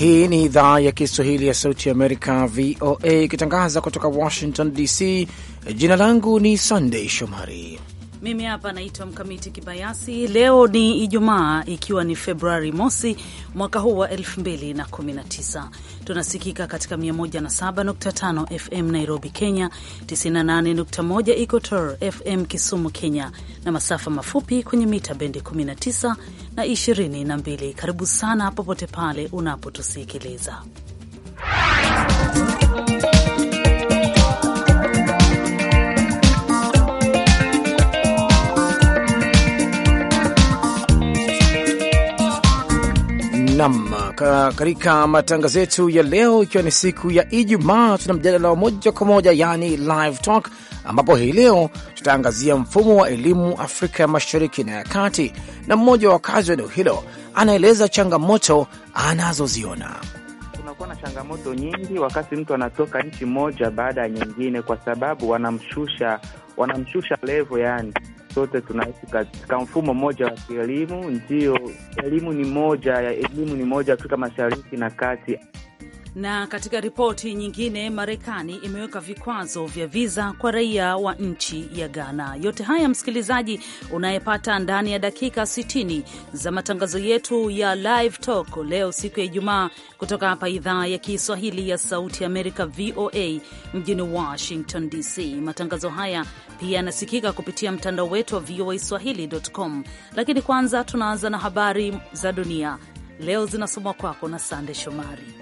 Hii ni idhaa ya Kiswahili ya Sauti ya Amerika, VOA, ikitangaza kutoka Washington DC. Jina langu ni Sandei Shomari mimi hapa naitwa Mkamiti Kibayasi. Leo ni Ijumaa, ikiwa ni Februari mosi mwaka huu wa 2019. Tunasikika katika 107.5 FM Nairobi, Kenya, 98.1 Equator FM Kisumu, Kenya, na masafa mafupi kwenye mita bendi 19 na 22. Karibu sana popote pale unapotusikiliza Nam katika matangazo yetu ya leo, ikiwa ni siku ya Ijumaa, tuna mjadala wa moja kwa moja, yaani live talk, ambapo hii leo tutaangazia mfumo wa elimu Afrika ya mashariki na ya kati, na mmoja wa wakazi wa eneo hilo anaeleza changamoto anazoziona. Kunakuwa na changamoto nyingi wakati mtu anatoka nchi moja baada ya nyingine, kwa sababu wanamshusha wanamshusha levo yani sote tunaishi katika mfumo mmoja wa kielimu, ndio elimu ni moja ya elimu ni moja Afrika Mashariki na Kati. Na katika ripoti nyingine, Marekani imeweka vikwazo vya viza kwa raia wa nchi ya Ghana. Yote haya msikilizaji, unayepata ndani ya dakika 60 za matangazo yetu ya Live Talk leo siku ya Ijumaa, kutoka hapa idhaa ya Kiswahili ya Sauti Amerika, VOA mjini Washington DC. Matangazo haya pia yanasikika kupitia mtandao wetu wa VOA swahili.com, lakini kwanza tunaanza na habari za dunia leo zinasomwa kwako na Sande Shomari.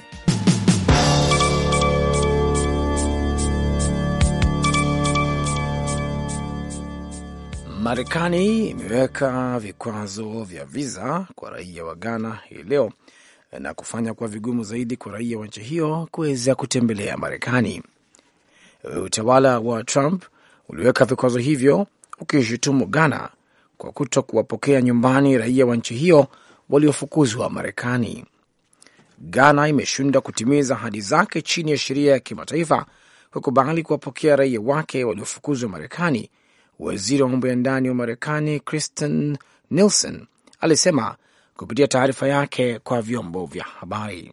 Marekani imeweka vikwazo vya viza kwa raia wa Ghana hii leo na kufanya kuwa vigumu zaidi kwa raia wa nchi hiyo kuweza kutembelea Marekani. Utawala wa Trump uliweka vikwazo hivyo ukishutumu Ghana kwa kuto kuwapokea nyumbani raia wa nchi hiyo waliofukuzwa Marekani. Ghana imeshindwa kutimiza ahadi zake chini ya sheria ya kimataifa kukubali kuwapokea raia wake waliofukuzwa Marekani Waziri wa mambo ya ndani wa Marekani Kristen Nielsen alisema kupitia taarifa yake kwa vyombo vya habari.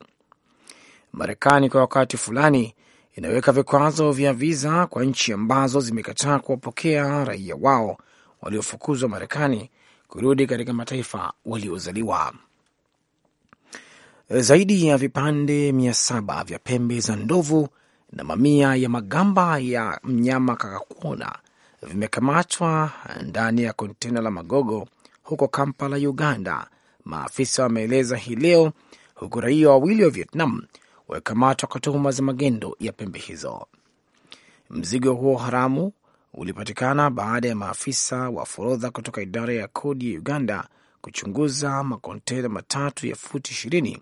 Marekani kwa wakati fulani inaweka vikwazo vya viza kwa nchi ambazo zimekataa kuwapokea raia wao waliofukuzwa Marekani kurudi katika mataifa waliozaliwa. Zaidi ya vipande mia saba vya pembe za ndovu na mamia ya magamba ya mnyama kakakuona vimekamatwa ndani ya kontena la Magogo huko Kampala, Uganda, maafisa wameeleza hii leo, huku raia wawili wa Vietnam wamekamatwa kwa tuhuma za magendo ya pembe hizo. Mzigo huo haramu ulipatikana baada ya maafisa wa forodha kutoka idara ya kodi ya Uganda kuchunguza makontena matatu ya futi ishirini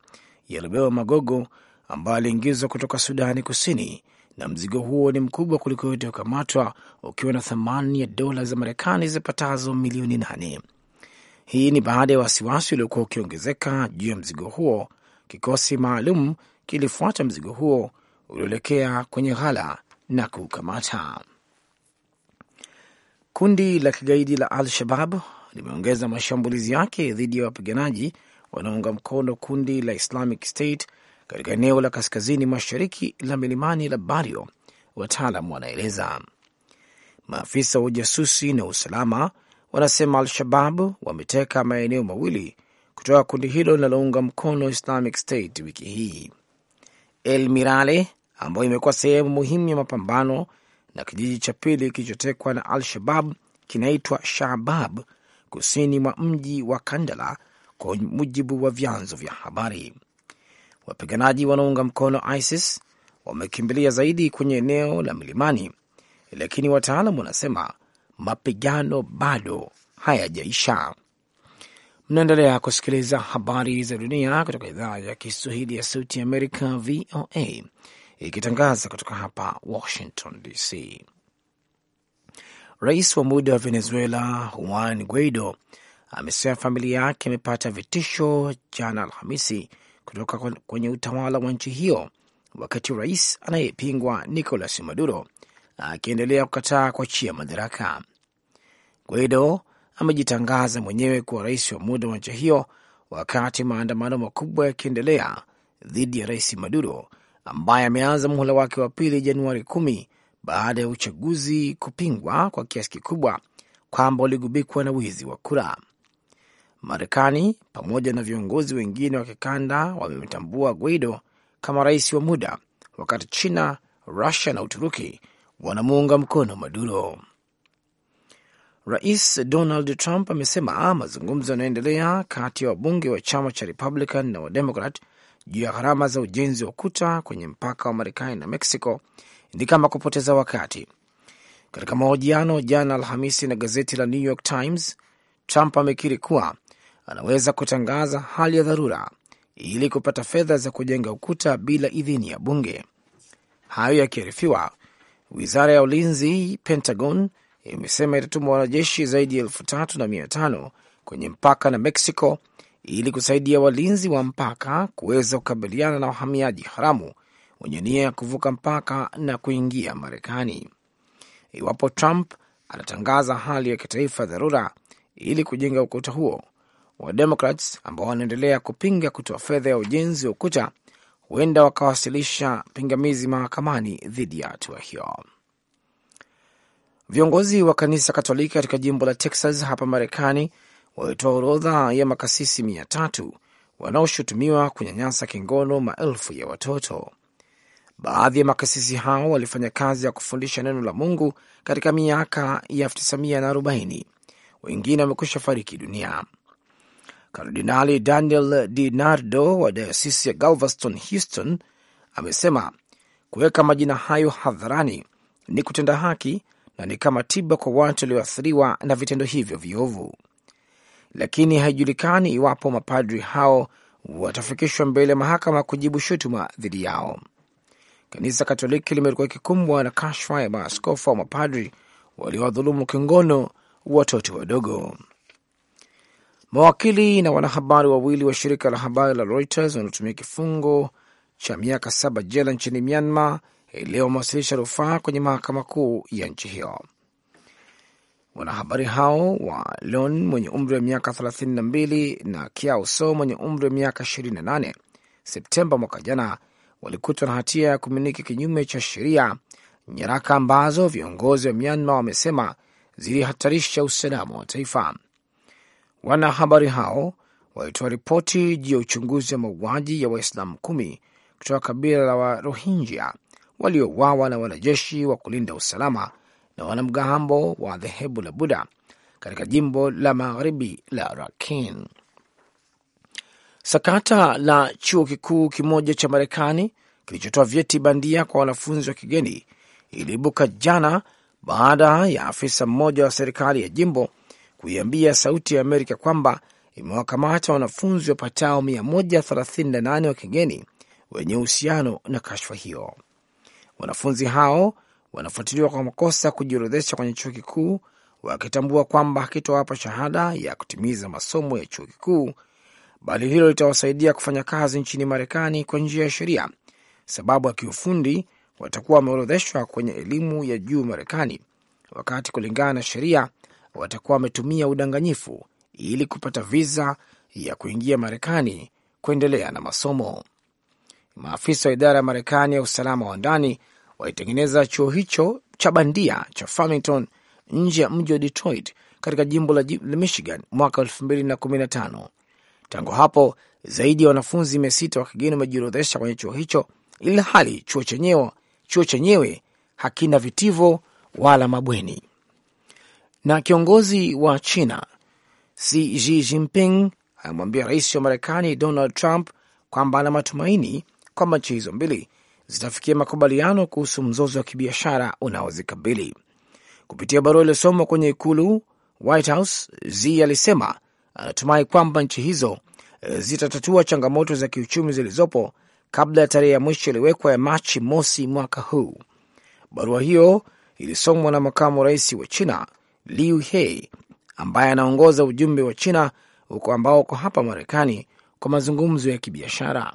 yaliobewa magogo ambayo yaliingizwa kutoka Sudani Kusini na mzigo huo ni mkubwa kuliko yote ukamatwa, ukiwa na thamani ya dola za Marekani zipatazo milioni nane. Hii ni baada ya wasiwasi uliokuwa ukiongezeka juu ya mzigo huo. Kikosi maalum kilifuata mzigo huo ulioelekea kwenye ghala na kuukamata. Kundi la kigaidi la Al-Shabab limeongeza mashambulizi yake dhidi ya wapiganaji wanaunga mkono kundi la Islamic State katika eneo la kaskazini mashariki la milimani la bario wataalam wanaeleza. Maafisa wa ujasusi na usalama wanasema Al-Shabab wameteka maeneo mawili kutoka kundi hilo linalounga mkono Islamic State wiki hii. El Mirale ambayo imekuwa sehemu muhimu ya mapambano na kijiji cha pili kilichotekwa na Al-Shabab kinaitwa Shabab kusini mwa mji wa Kandala, kwa mujibu wa vyanzo vya habari wapiganaji wanaounga mkono ISIS wamekimbilia zaidi kwenye eneo la milimani, lakini wataalam wanasema mapigano bado hayajaisha. Mnaendelea kusikiliza habari za dunia kutoka idhaa ya Kiswahili ya Sauti ya Amerika, VOA, ikitangaza kutoka hapa Washington DC. Rais wa muda wa Venezuela Juan Guaido amesema familia yake imepata vitisho jana Alhamisi kutoka kwenye utawala wa nchi hiyo, wakati rais anayepingwa Nicolas Maduro akiendelea kukataa kuachia madaraka. Guaido amejitangaza mwenyewe kuwa rais wa muda wa nchi hiyo, wakati maandamano makubwa yakiendelea dhidi ya rais Maduro ambaye ameanza muhula wake wa pili Januari kumi baada ya uchaguzi kupingwa kwa kiasi kikubwa kwamba uligubikwa na wizi wa kura. Marekani pamoja na viongozi wengine wa kikanda wamemtambua Guaido kama rais wa muda, wakati China, Rusia na Uturuki wanamuunga mkono Maduro. Rais Donald Trump amesema mazungumzo yanayoendelea kati ya wabunge wa chama cha Republican na Wademokrat juu ya gharama za ujenzi wa ukuta kwenye mpaka wa Marekani na Mexico ni kama kupoteza wakati. Katika mahojiano jana Alhamisi na gazeti la New York Times, Trump amekiri kuwa anaweza kutangaza hali ya dharura ili kupata fedha za kujenga ukuta bila idhini ya bunge. Hayo yakiarifiwa, wizara ya ulinzi Pentagon imesema itatuma wanajeshi zaidi ya elfu tatu na mia tano kwenye mpaka na Mexico ili kusaidia walinzi wa mpaka kuweza kukabiliana na wahamiaji haramu wenye nia ya kuvuka mpaka na kuingia Marekani. Iwapo Trump anatangaza hali ya kitaifa dharura ili kujenga ukuta huo, Wademokrats ambao wanaendelea kupinga kutoa fedha ya ujenzi wa ukuta huenda wakawasilisha pingamizi mahakamani dhidi ya hatua hiyo. Viongozi wa kanisa Katoliki katika jimbo la Texas hapa Marekani walitoa orodha ya makasisi mia tatu wanaoshutumiwa kunyanyasa kingono maelfu ya watoto. Baadhi ya makasisi hao walifanya kazi ya kufundisha neno la Mungu katika miaka ya 1940. Wengine wamekwisha fariki dunia. Kardinali Daniel Di Nardo wa dayosisi ya Galveston Houston amesema kuweka majina hayo hadharani ni kutenda haki na ni kama tiba kwa watu walioathiriwa na vitendo hivyo viovu, lakini haijulikani iwapo mapadri hao watafikishwa mbele ya mahakama kujibu shutuma dhidi yao. Kanisa Katoliki limekuwa ikikumbwa na kashfa ya maaskofu wa mapadri waliowadhulumu kingono watoto wadogo. Mawakili na wanahabari wawili wa shirika la habari la Reuters wanaotumia kifungo cha miaka saba jela nchini Myanmar leo wamewasilisha rufaa kwenye mahakama kuu ya nchi hiyo. Wanahabari hao wa Lon mwenye umri wa miaka 32 na Kiao So mwenye umri wa miaka 28 Septemba mwaka jana walikutwa na hatia ya kumiliki kinyume cha sheria nyaraka ambazo viongozi wa Myanmar wamesema zilihatarisha usalama wa taifa. Wanahabari hao walitoa ripoti juu ya uchunguzi wa mauaji ya Waislamu kumi kutoka kabila la Warohinjia waliouawa na wanajeshi wa kulinda usalama na wanamgambo wa dhehebu la Buddha katika jimbo la magharibi la Rakhine. Sakata la chuo kikuu kimoja cha Marekani kilichotoa vyeti bandia kwa wanafunzi wa kigeni iliibuka jana baada ya afisa mmoja wa serikali ya jimbo kuiambia Sauti ya Amerika kwamba imewakamata wanafunzi wapatao 138 wa kigeni wenye uhusiano na kashfa hiyo. Wanafunzi hao wanafuatiliwa kwa makosa kujiorodhesha kwenye chuo kikuu, wakitambua kwamba hakitowapa shahada ya kutimiza masomo ya chuo kikuu, bali hilo litawasaidia kufanya kazi nchini Marekani kwa njia ya sheria, sababu ya kiufundi watakuwa wameorodheshwa kwenye elimu ya juu Marekani, wakati kulingana na sheria watakuwa wametumia udanganyifu ili kupata viza ya kuingia Marekani kuendelea na masomo. Maafisa wa idara ya Marekani ya usalama wa ndani walitengeneza chuo hicho cha bandia cha Farmington nje ya mji wa Detroit katika jimbo la Michigan mwaka 2015. Tangu hapo zaidi ya wanafunzi mia sita wa kigeni wamejiorodhesha kwenye chuo hicho, ili hali chuo chenyewe chuo chenyewe hakina vitivo wala mabweni na kiongozi wa China Xi Jinping amemwambia rais wa Marekani Donald Trump kwamba ana matumaini kwamba nchi hizo mbili zitafikia makubaliano kuhusu mzozo wa kibiashara unaozikabili. Kupitia barua iliyosomwa kwenye ikulu White House, Xi alisema anatumai kwamba nchi hizo eh, zitatatua changamoto za kiuchumi zilizopo kabla ya tarehe ya mwisho iliyowekwa ya Machi mosi mwaka huu. Barua hiyo ilisomwa na makamu rais wa China Liu He ambaye anaongoza ujumbe wa China uko ambao uko hapa Marekani kwa mazungumzo ya kibiashara.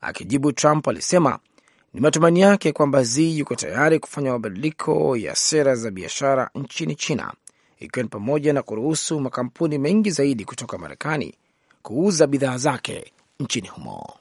Akijibu, Trump alisema ni matumaini yake kwamba Xi yuko tayari kufanya mabadiliko ya sera za biashara nchini China, ikiwa ni pamoja na kuruhusu makampuni mengi zaidi kutoka Marekani kuuza bidhaa zake nchini humo.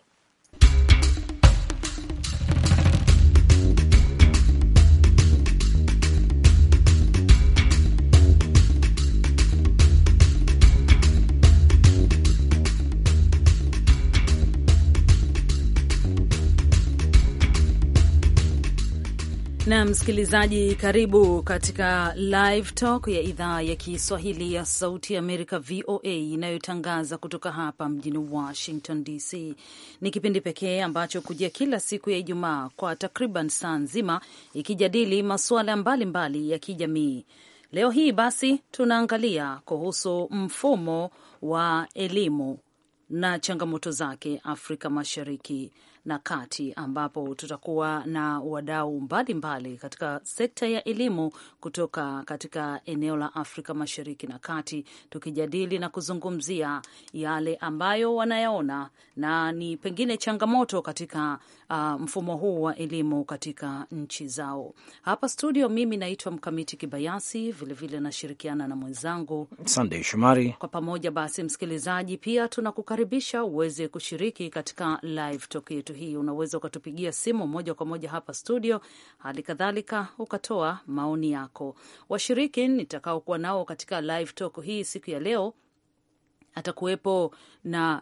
Na msikilizaji, karibu katika Live Talk ya idhaa ya Kiswahili ya Sauti ya Amerika, VOA, inayotangaza kutoka hapa mjini Washington DC. Ni kipindi pekee ambacho kujia kila siku ya Ijumaa kwa takriban saa nzima, ikijadili masuala mbalimbali ya kijamii. Leo hii basi tunaangalia kuhusu mfumo wa elimu na changamoto zake Afrika Mashariki na Kati, ambapo tutakuwa na wadau mbalimbali katika sekta ya elimu kutoka katika eneo la Afrika Mashariki na Kati, tukijadili na kuzungumzia yale ambayo wanayaona na ni pengine changamoto katika uh, mfumo huu wa elimu katika nchi zao. Hapa studio, mimi naitwa Mkamiti Kibayasi, vilevile nashirikiana na mwenzangu Sandey Shomari. Kwa pamoja basi, msikilizaji, pia tunakukaribisha uweze kushiriki katika live talk yetu hii. Unaweza ukatupigia simu moja kwa moja hapa studio, hali kadhalika ukatoa maoni yako. Washiriki nitakaokuwa nao katika live talk hii siku ya leo atakuwepo na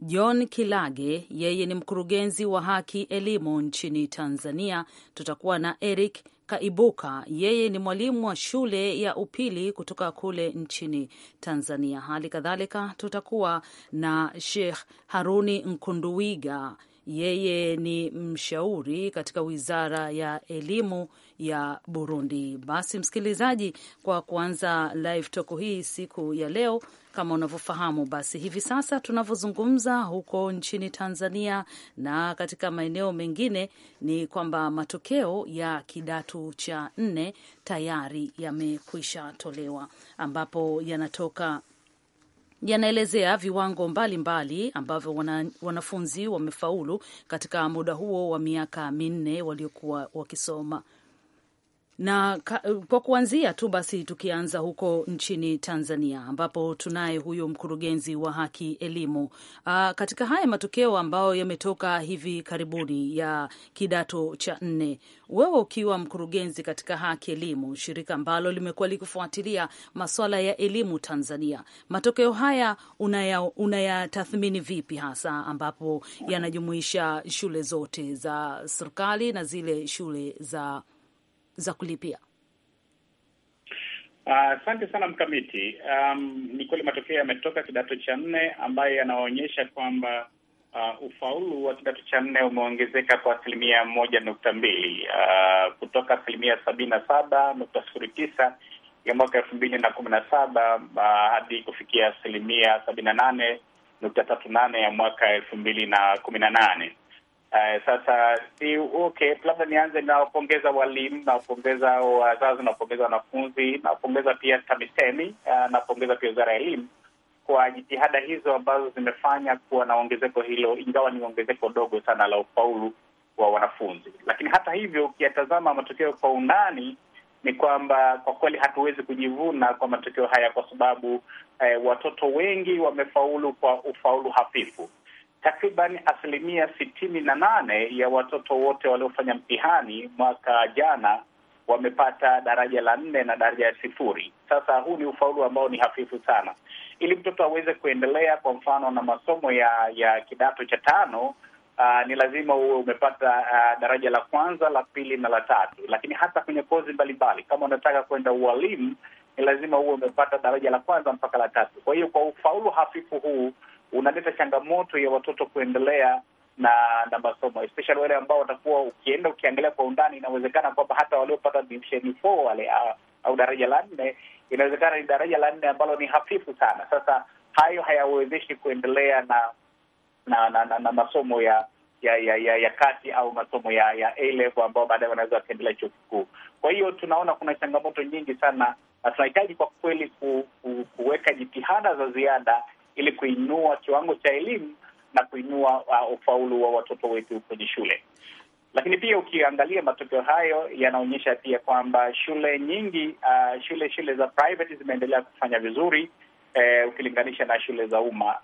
John Kilage, yeye ni mkurugenzi wa haki elimu nchini Tanzania. Tutakuwa na Eric Kaibuka, yeye ni mwalimu wa shule ya upili kutoka kule nchini Tanzania. Hali kadhalika tutakuwa na Sheikh Haruni Nkunduwiga, yeye ni mshauri katika wizara ya elimu ya Burundi. Basi msikilizaji, kwa kuanza live talk hii siku ya leo, kama unavyofahamu, basi hivi sasa tunavyozungumza huko nchini Tanzania na katika maeneo mengine ni kwamba matokeo ya kidato cha nne tayari yamekwisha tolewa, ambapo yanatoka yanaelezea viwango mbalimbali mbali ambavyo wana, wanafunzi wamefaulu katika muda huo wa miaka minne waliokuwa wakisoma na kwa kuanzia tu basi, tukianza huko nchini Tanzania ambapo tunaye huyo mkurugenzi wa haki elimu. Aa, ah, katika haya matokeo ambayo yametoka hivi karibuni ya kidato cha nne, wewe ukiwa mkurugenzi katika haki elimu, shirika ambalo limekuwa likifuatilia maswala ya elimu Tanzania, matokeo haya unayatathmini unaya vipi, hasa ambapo yanajumuisha shule zote za serikali na zile shule za za kulipia? Ah, asante uh, sana Mkamiti. Um, ni kweli matokeo yametoka kidato cha nne ambayo yanaonyesha kwamba uh, ufaulu wa kidato cha nne umeongezeka kwa asilimia moja nukta mbili uh, kutoka asilimia sabini na saba nukta sifuri tisa ya mwaka elfu mbili na kumi na saba uh, hadi kufikia asilimia sabini na nane nukta tatu nane ya mwaka elfu mbili na kumi na nane Uh, sasa si okay, labda nianze nawapongeza walimu, nawapongeza wazazi, nawapongeza wanafunzi, nawapongeza pia TAMISEMI, uh, eh, nawapongeza pia wizara ya elimu kwa jitihada hizo ambazo zimefanya kuwa na ongezeko hilo, ingawa ni ongezeko dogo sana la ufaulu wa wanafunzi. Lakini hata hivyo, ukiyatazama matokeo kwa undani, ni kwamba kwa kweli hatuwezi kujivuna kwa matokeo haya, kwa sababu eh, watoto wengi wamefaulu kwa ufaulu hafifu takriban asilimia sitini na nane ya watoto wote waliofanya mtihani mwaka jana wamepata daraja la nne na daraja ya sifuri. Sasa huu ni ufaulu ambao ni hafifu sana. Ili mtoto aweze kuendelea kwa mfano na masomo ya ya kidato cha tano, uh, ni lazima uwe umepata uh, daraja la kwanza, la pili na la tatu. Lakini hata kwenye kozi mbalimbali, kama unataka kwenda ualimu, ni lazima uwe umepata daraja la kwanza mpaka la tatu. Kwa hiyo kwa ufaulu hafifu huu unaleta changamoto ya watoto kuendelea na na masomo especially wale ambao watakuwa, ukienda ukiangalia kwa undani, inawezekana kwamba hata waliopata divisheni four wale au daraja la nne, inawezekana ni daraja la nne ambalo ni hafifu sana. Sasa hayo hayawezeshi kuendelea na na, na, na, na masomo ya ya, ya ya ya kati au masomo ya ya A level ambao baadaye wanaweza wakaendelea chuo kikuu. Kwa hiyo tunaona kuna changamoto nyingi sana, na tunahitaji kwa kweli ku, ku, kuweka jitihada za ziada ili kuinua kiwango cha elimu na kuinua uh, ufaulu wa watoto wetu kwenye shule. Lakini pia ukiangalia matokeo hayo yanaonyesha pia kwamba shule nyingi uh, shule shule za private zimeendelea kufanya vizuri eh, ukilinganisha na shule za umma.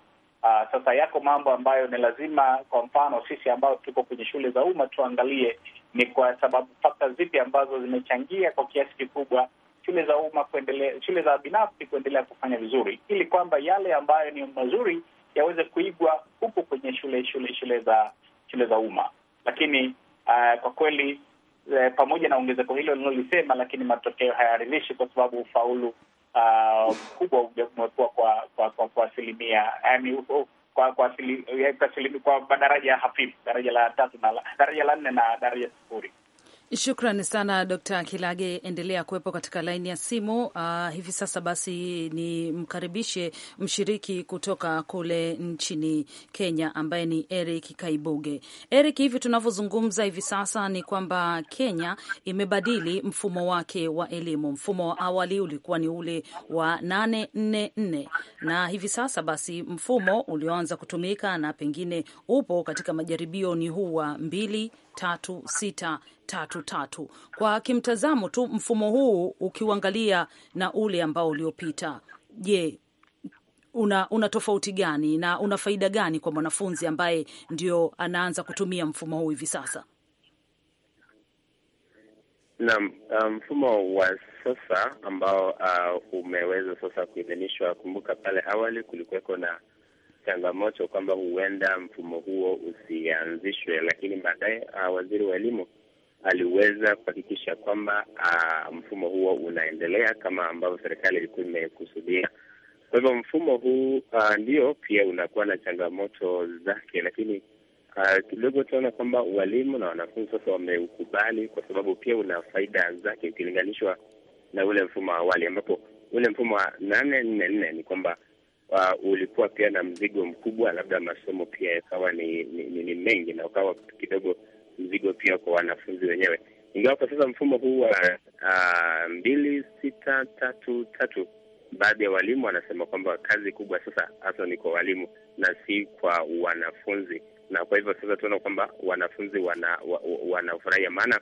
Uh, sasa yako mambo ambayo ni lazima, kwa mfano sisi ambao tuko kwenye shule za umma tuangalie ni kwa sababu fakta zipi ambazo zimechangia kwa kiasi kikubwa shule za umma kuendelea, shule za binafsi kuendelea kufanya vizuri, ili kwamba yale ambayo ni mazuri yaweze kuigwa huku kwenye shule shule shule za shule za umma. Lakini uh, kwa kweli uh, pamoja na ongezeko hilo lilolisema, lakini matokeo hayaridhishi kwa sababu ufaulu ah, mkubwa uh, umekuwa kwa kwa kwa kwa asilimia yaani kwa kwa asilimia kwa madaraja hafifu, daraja la tatu na daraja la nne na daraja sifuri. Shukrani sana Dkt. Kilage, endelea kuwepo katika laini ya simu. Uh, hivi sasa basi ni mkaribishe mshiriki kutoka kule nchini Kenya ambaye ni Eric Kaibuge. Eric, hivi tunavyozungumza hivi sasa ni kwamba Kenya imebadili mfumo wake wa elimu. Mfumo wa awali ulikuwa ni ule wa 844 na hivi sasa basi mfumo ulioanza kutumika na pengine upo katika majaribio ni huu wa mbili 3633. Kwa kimtazamo tu mfumo huu ukiuangalia na ule ambao uliopita, je, una, una tofauti gani na una faida gani kwa mwanafunzi ambaye ndio anaanza kutumia mfumo huu hivi sasa? Naam, uh, mfumo wa sasa ambao uh, umeweza sasa kuidhinishwa. Kumbuka pale awali kulikuweko na changamoto kwamba huenda mfumo huo usianzishwe, lakini baadaye ah, waziri wa elimu aliweza kuhakikisha kwamba ah, mfumo huo unaendelea kama ambavyo serikali ilikuwa imekusudia. Kwa hivyo mfumo huu uh, ndio pia unakuwa na changamoto zake, lakini uh, kidogo tunaona kwamba walimu na wanafunzi sasa wameukubali, kwa sababu pia una faida zake ukilinganishwa na ule mfumo wa awali, ambapo ule mfumo wa nane nne nne ni kwamba uh, ulikuwa pia na mzigo mkubwa, labda masomo pia yakawa ni, ni, ni, ni mengi na ukawa kidogo mzigo pia kwa wanafunzi wenyewe, ingawa kwa sasa mfumo huu wa uh, mbili sita tatu tatu baadhi ya walimu wanasema kwamba kazi kubwa sasa hasa ni kwa walimu na si kwa wanafunzi, na kwa hivyo sasa tunaona kwamba wanafunzi wana, wanafurahia maana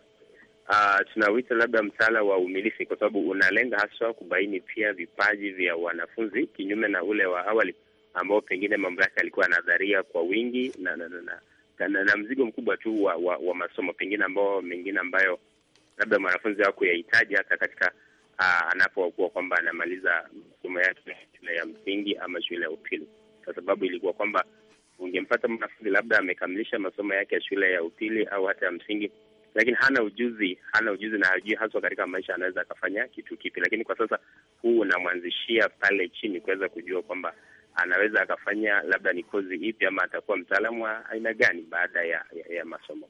uh, ah, tunawita labda mtaala wa umilisi, kwa sababu unalenga haswa kubaini pia vipaji vya wanafunzi, kinyume na ule wa awali ambao pengine mamlaka alikuwa anadharia kwa wingi na na, na, na, na, na mzigo mkubwa tu wa, wa, wa masomo pengine ambao mengine ambayo labda mwanafunzi hakuyahitaji hata katika ah, anapokuwa kwamba anamaliza masomo yake shule ya msingi ama shule ya upili, kwa sababu ilikuwa kwamba ungempata mwanafunzi labda amekamilisha masomo yake ya shule ya upili au hata ya msingi lakini hana ujuzi, hana ujuzi na hajui haswa katika maisha anaweza akafanya kitu kipi, lakini kwa sasa huu unamwanzishia pale chini kuweza kujua kwamba anaweza akafanya labda ni kozi ipi ama atakuwa mtaalamu wa aina gani baada ya, ya, ya masomo.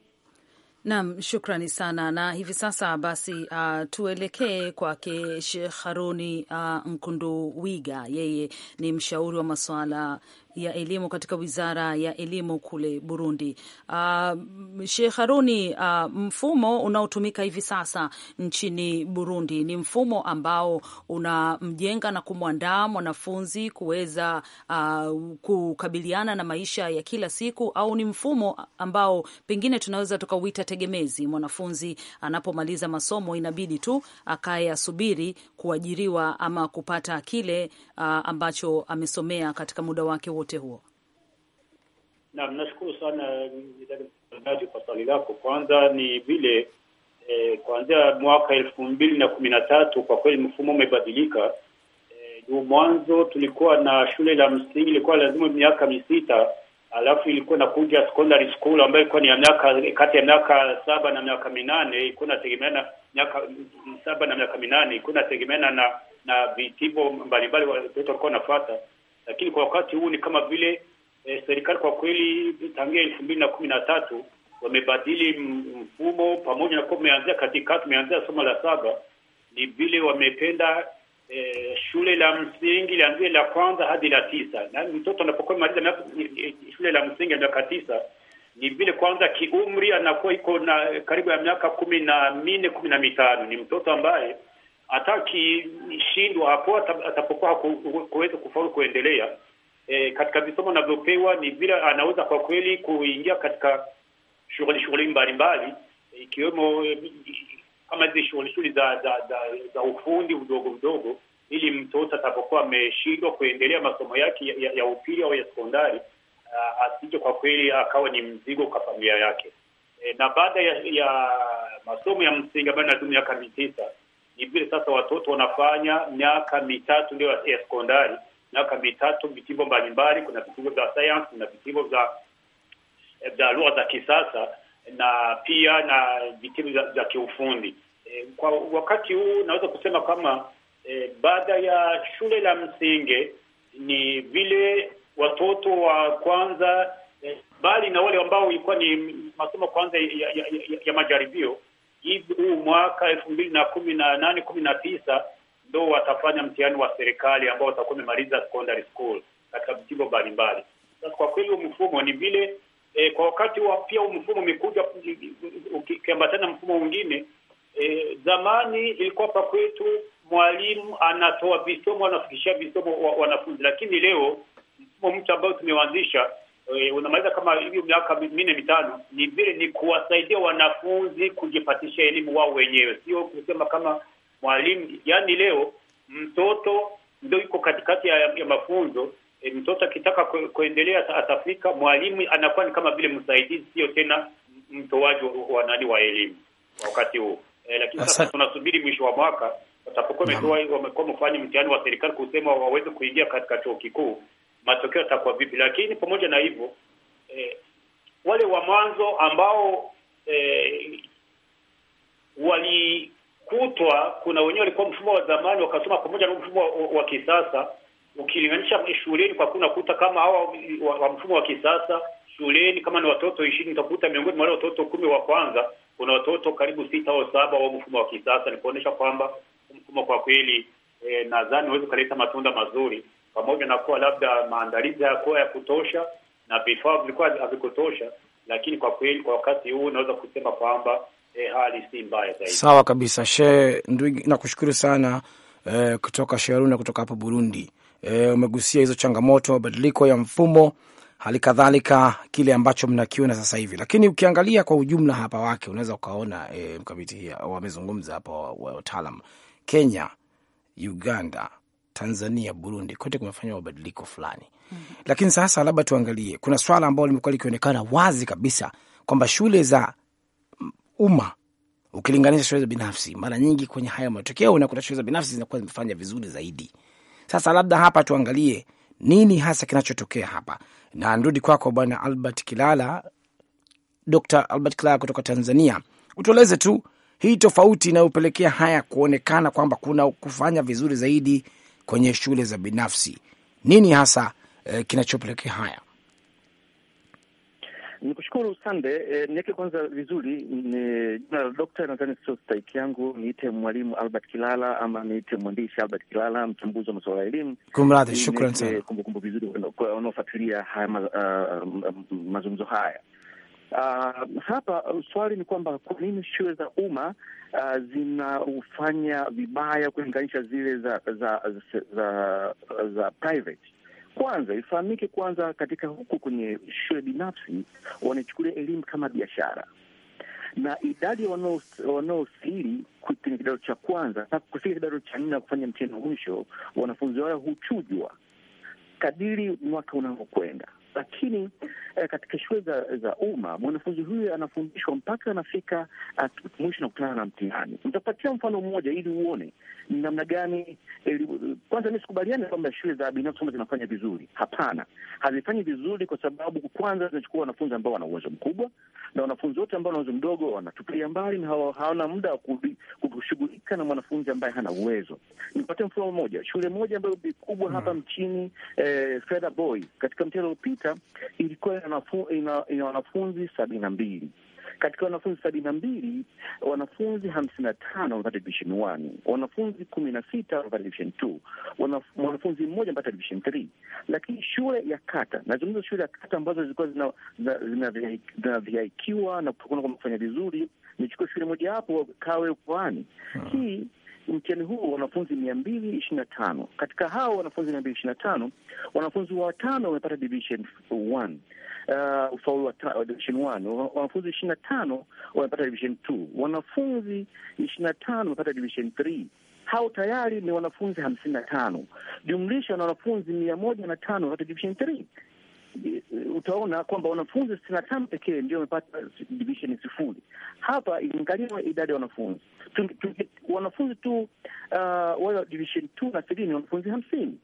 Naam, shukrani sana. Na hivi sasa basi, uh, tuelekee kwake Sheikh Haruni uh, Mkunduwiga. Yeye ni mshauri wa masuala ya elimu katika wizara ya elimu kule Burundi. Uh, Sheikh Haruni, uh, mfumo unaotumika hivi sasa nchini Burundi ni mfumo ambao unamjenga na kumwandaa mwanafunzi kuweza uh, kukabiliana na maisha ya kila siku, au ni mfumo ambao pengine tunaweza tukauita tegemezi? Mwanafunzi anapomaliza masomo inabidi tu akae asubiri kuajiriwa ama kupata kile uh, ambacho amesomea katika muda wake wote huo? Naam, nashukuru sana mtangazaji kwa swali lako. Kwanza ni vile e, kuanzia mwaka elfu mbili na kumi na tatu kwa kweli mfumo umebadilika. e, mwanzo tulikuwa na shule la msingi ilikuwa lazima miaka misita alafu ilikuwa nakuja secondary school ambayo ilikuwa ni ya miaka kati ya miaka saba na miaka minane ilikuwa inategemeana miaka saba na miaka minane ilikuwa inategemeana na na vitivo mbalimbali walikuwa wanafuata lakini kwa wakati huu ni kama vile e, serikali kwa kweli tangia elfu mbili na kumi na tatu wamebadili mfumo, pamoja na kuwa umeanzia katikati, umeanzia somo la saba, ni vile wamependa e, shule la msingi lianzie la kwanza hadi la tisa, na mtoto anapokuwa maliza shule la msingi ya miaka tisa ni vile kwanza kiumri anakuwa iko na karibu ya miaka kumi na minne kumi na mitano ni mtoto ambaye hata akishindwa hapo atapokuwa kuweza kufaulu kuendelea e, katika visomo anavyopewa ni vile anaweza kwa kweli kuingia katika shughuli shughuli mbalimbali ikiwemo e, kama hizi shughuli shughuli za za, za za ufundi udogo udogo ili mtoto atapokuwa ameshindwa kuendelea masomo yake ya, ya, ya upili au ya sekondari asije kwa kweli akawa ni mzigo kwa familia yake. E, na baada ya, ya masomo ya msingi ambayo inadumu miaka mitisa vile sasa watoto wanafanya miaka mitatu ndio ya sekondari, miaka mitatu vitivo mbalimbali. Kuna vitivo vya science, kuna vitivo vya vya lugha za kisasa na pia na vitivo vya kiufundi. E, kwa wakati huu naweza kusema kama e, baada ya shule la msingi ni vile watoto wa kwanza e, bali na wale ambao ilikuwa ni masomo kwanza ya, ya, ya, ya majaribio hivi huu mwaka elfu mbili na kumi na nane kumi na tisa ndo watafanya mtihani wa serikali ambao watakuwa wamemaliza secondary school katika vitivo mbalimbali. Sasa kwa kweli mfumo ni vile e, kwa wakati wa pia mfumo umekuja ukiambatana mfumo mwingine e, zamani ilikuwa pa kwetu mwalimu anatoa visomo anafikishia visomo wanafunzi, lakini leo mfumo mtu ambao tumewanzisha e, unamaliza kama hivyo miaka minne mitano, ni vile ni kuwasaidia wanafunzi kujipatisha elimu wao wenyewe, sio kusema kama mwalimu. Yani leo mtoto ndio yuko katikati ya, ya mafunzo e, mtoto akitaka kuendelea atafika, mwalimu anakuwa ni kama vile msaidizi, sio tena mtoaji wa nani wa elimu wakati huo e, lakini sasa tunasubiri mwisho wa mwaka watapokuwa wamekuwa mfanyi mtihani wa serikali kusema waweze kuingia katika chuo kikuu matokeo yatakuwa vipi. Lakini pamoja na hivyo eh, wale wa mwanzo ambao eh, walikutwa, kuna wenyewe walikuwa mfumo wa zamani wakasoma pamoja na mfumo wa kisasa. Ukilinganisha shuleni, kwa kuna kuta kama hawa wa mfumo wa kisasa shuleni, kama ni watoto ishirini utakuta miongoni mwa watoto kumi wa kwanza kuna watoto karibu sita au saba wa mfumo wa kisasa. Ni kuonesha kwamba mfumo kwa kweli, eh, nadhani unaweza kuleta matunda mazuri pamoja na kuwa labda maandalizi hayakuwa ya kutosha na vifaa vilikuwa havikutosha, lakini kwa kweli kwa wakati huu unaweza kusema kwamba eh, hali si mbaya zaidi. Sawa kabisa, she Ndwigi, nakushukuru sana eh, kutoka Sheruna kutoka hapo Burundi. Eh, umegusia hizo changamoto, mabadiliko ya mfumo, hali kadhalika kile ambacho mnakiona sasa hivi, lakini ukiangalia kwa ujumla hapa wake unaweza ukaona eh, mkabiti wamezungumza hapa wataalam Kenya, Uganda, Tanzania, Burundi, kote kumefanywa mabadiliko fulani mm -hmm. Lakini sasa labda tuangalie, kuna swala ambalo limekuwa likionekana wazi kabisa kwamba shule za umma ukilinganisha shule za binafsi, mara nyingi kwenye haya matokeo unakuta shule za binafsi zinakuwa zimefanya vizuri zaidi. Sasa labda hapa tuangalie nini hasa kinachotokea hapa, na nirudi kwako kwa Bwana Albert Kilala, Dr. Albert Kilala kutoka Tanzania, utueleze tu hii tofauti inayopelekea haya kuonekana kwamba kuna kufanya vizuri zaidi kwenye shule za binafsi. Nini hasa eh, kinachopelekea haya? Ni kushukuru Sande. E, niweke kwanza vizuri jina la dokta, nadhani sio stahiki yangu niite mwalimu Albert Kilala ama niite mwandishi Albert Kilala, mchambuzi wa masuala ya elimu. Kumradhi, shukran sana, kumbukumbu vizuri wanaofuatilia haya ah, mazungumzo haya Uh, hapa swali ni kwamba kwa nini shule za umma uh, zinaufanya vibaya kulinganisha zile za za za, za, za, private? Kwanza ifahamike kwanza, katika huku kwenye shule binafsi wanachukulia elimu kama biashara, na idadi wanaosili kwenye kidato cha kwanza na kufika kidato cha nne na kufanya mtihani wa mwisho, wanafunzi wao huchujwa kadiri mwaka unavyokwenda lakini eh, katika shule za, za umma mwanafunzi huyu anafundishwa mpaka anafika mwisho na kutana na mtihani. Nitapatia mfano mmoja ili uone ni namna gani. eh, Kwanza mi sikubaliani kwamba shule za binafsi kwamba zinafanya vizuri. Hapana, hazifanyi vizuri kwa sababu kwanza zinachukua wanafunzi ambao wana uwezo mkubwa, na wanafunzi wote ambao wana uwezo mdogo wanatupilia mbali na hawana muda wa kushughulika na mwanafunzi ambaye hana uwezo. Nipatie mfano mmoja, shule moja ambayo kubwa hmm, hapa mm. mchini eh, Feather Boy katika mtihani uliopita sita ilikuwa ina wanafunzi sabini na mbili katika wanafunzi sabini na mbili wanafunzi hamsini na tano wamepata division one, wanafunzi kumi na sita wamepata division two, mwanafunzi mmoja amepata division three. Lakini shule ya kata, nazungumza shule ya kata ambazo zilikuwa zinavihaikiwa na kutokana kwa kufanya vizuri, nichukue shule moja hapo Kawe Ukoani. Ah. Hii mtihani huu wanafunzi mia mbili ishirini na tano. Katika hao wanafunzi mia mbili ishirini na tano, wanafunzi watano wamepata division one, uh, ufaulu wa division one. Wanafunzi ishirini na tano wamepata division two, wanafunzi ishirini na tano wamepata division three. Hao tayari ni wanafunzi hamsini na tano jumlisha na wanafunzi mia moja na tano wamepata division three. Eh, utaona kwamba wanafunzi sitini na tano pekee ndio wamepata divisheni sifuri. Hapa imeangaliwa idadi ya wanafunzi, wanafunzi tu uh, wale wa divisheni tu na ni wanafunzi hamsini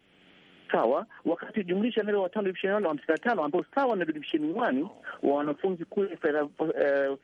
sawa, wakati jumlisha nalo watano divisheni wale hamsini na tano ambao sawa na divisheni wani wa wanafunzi kule Fedha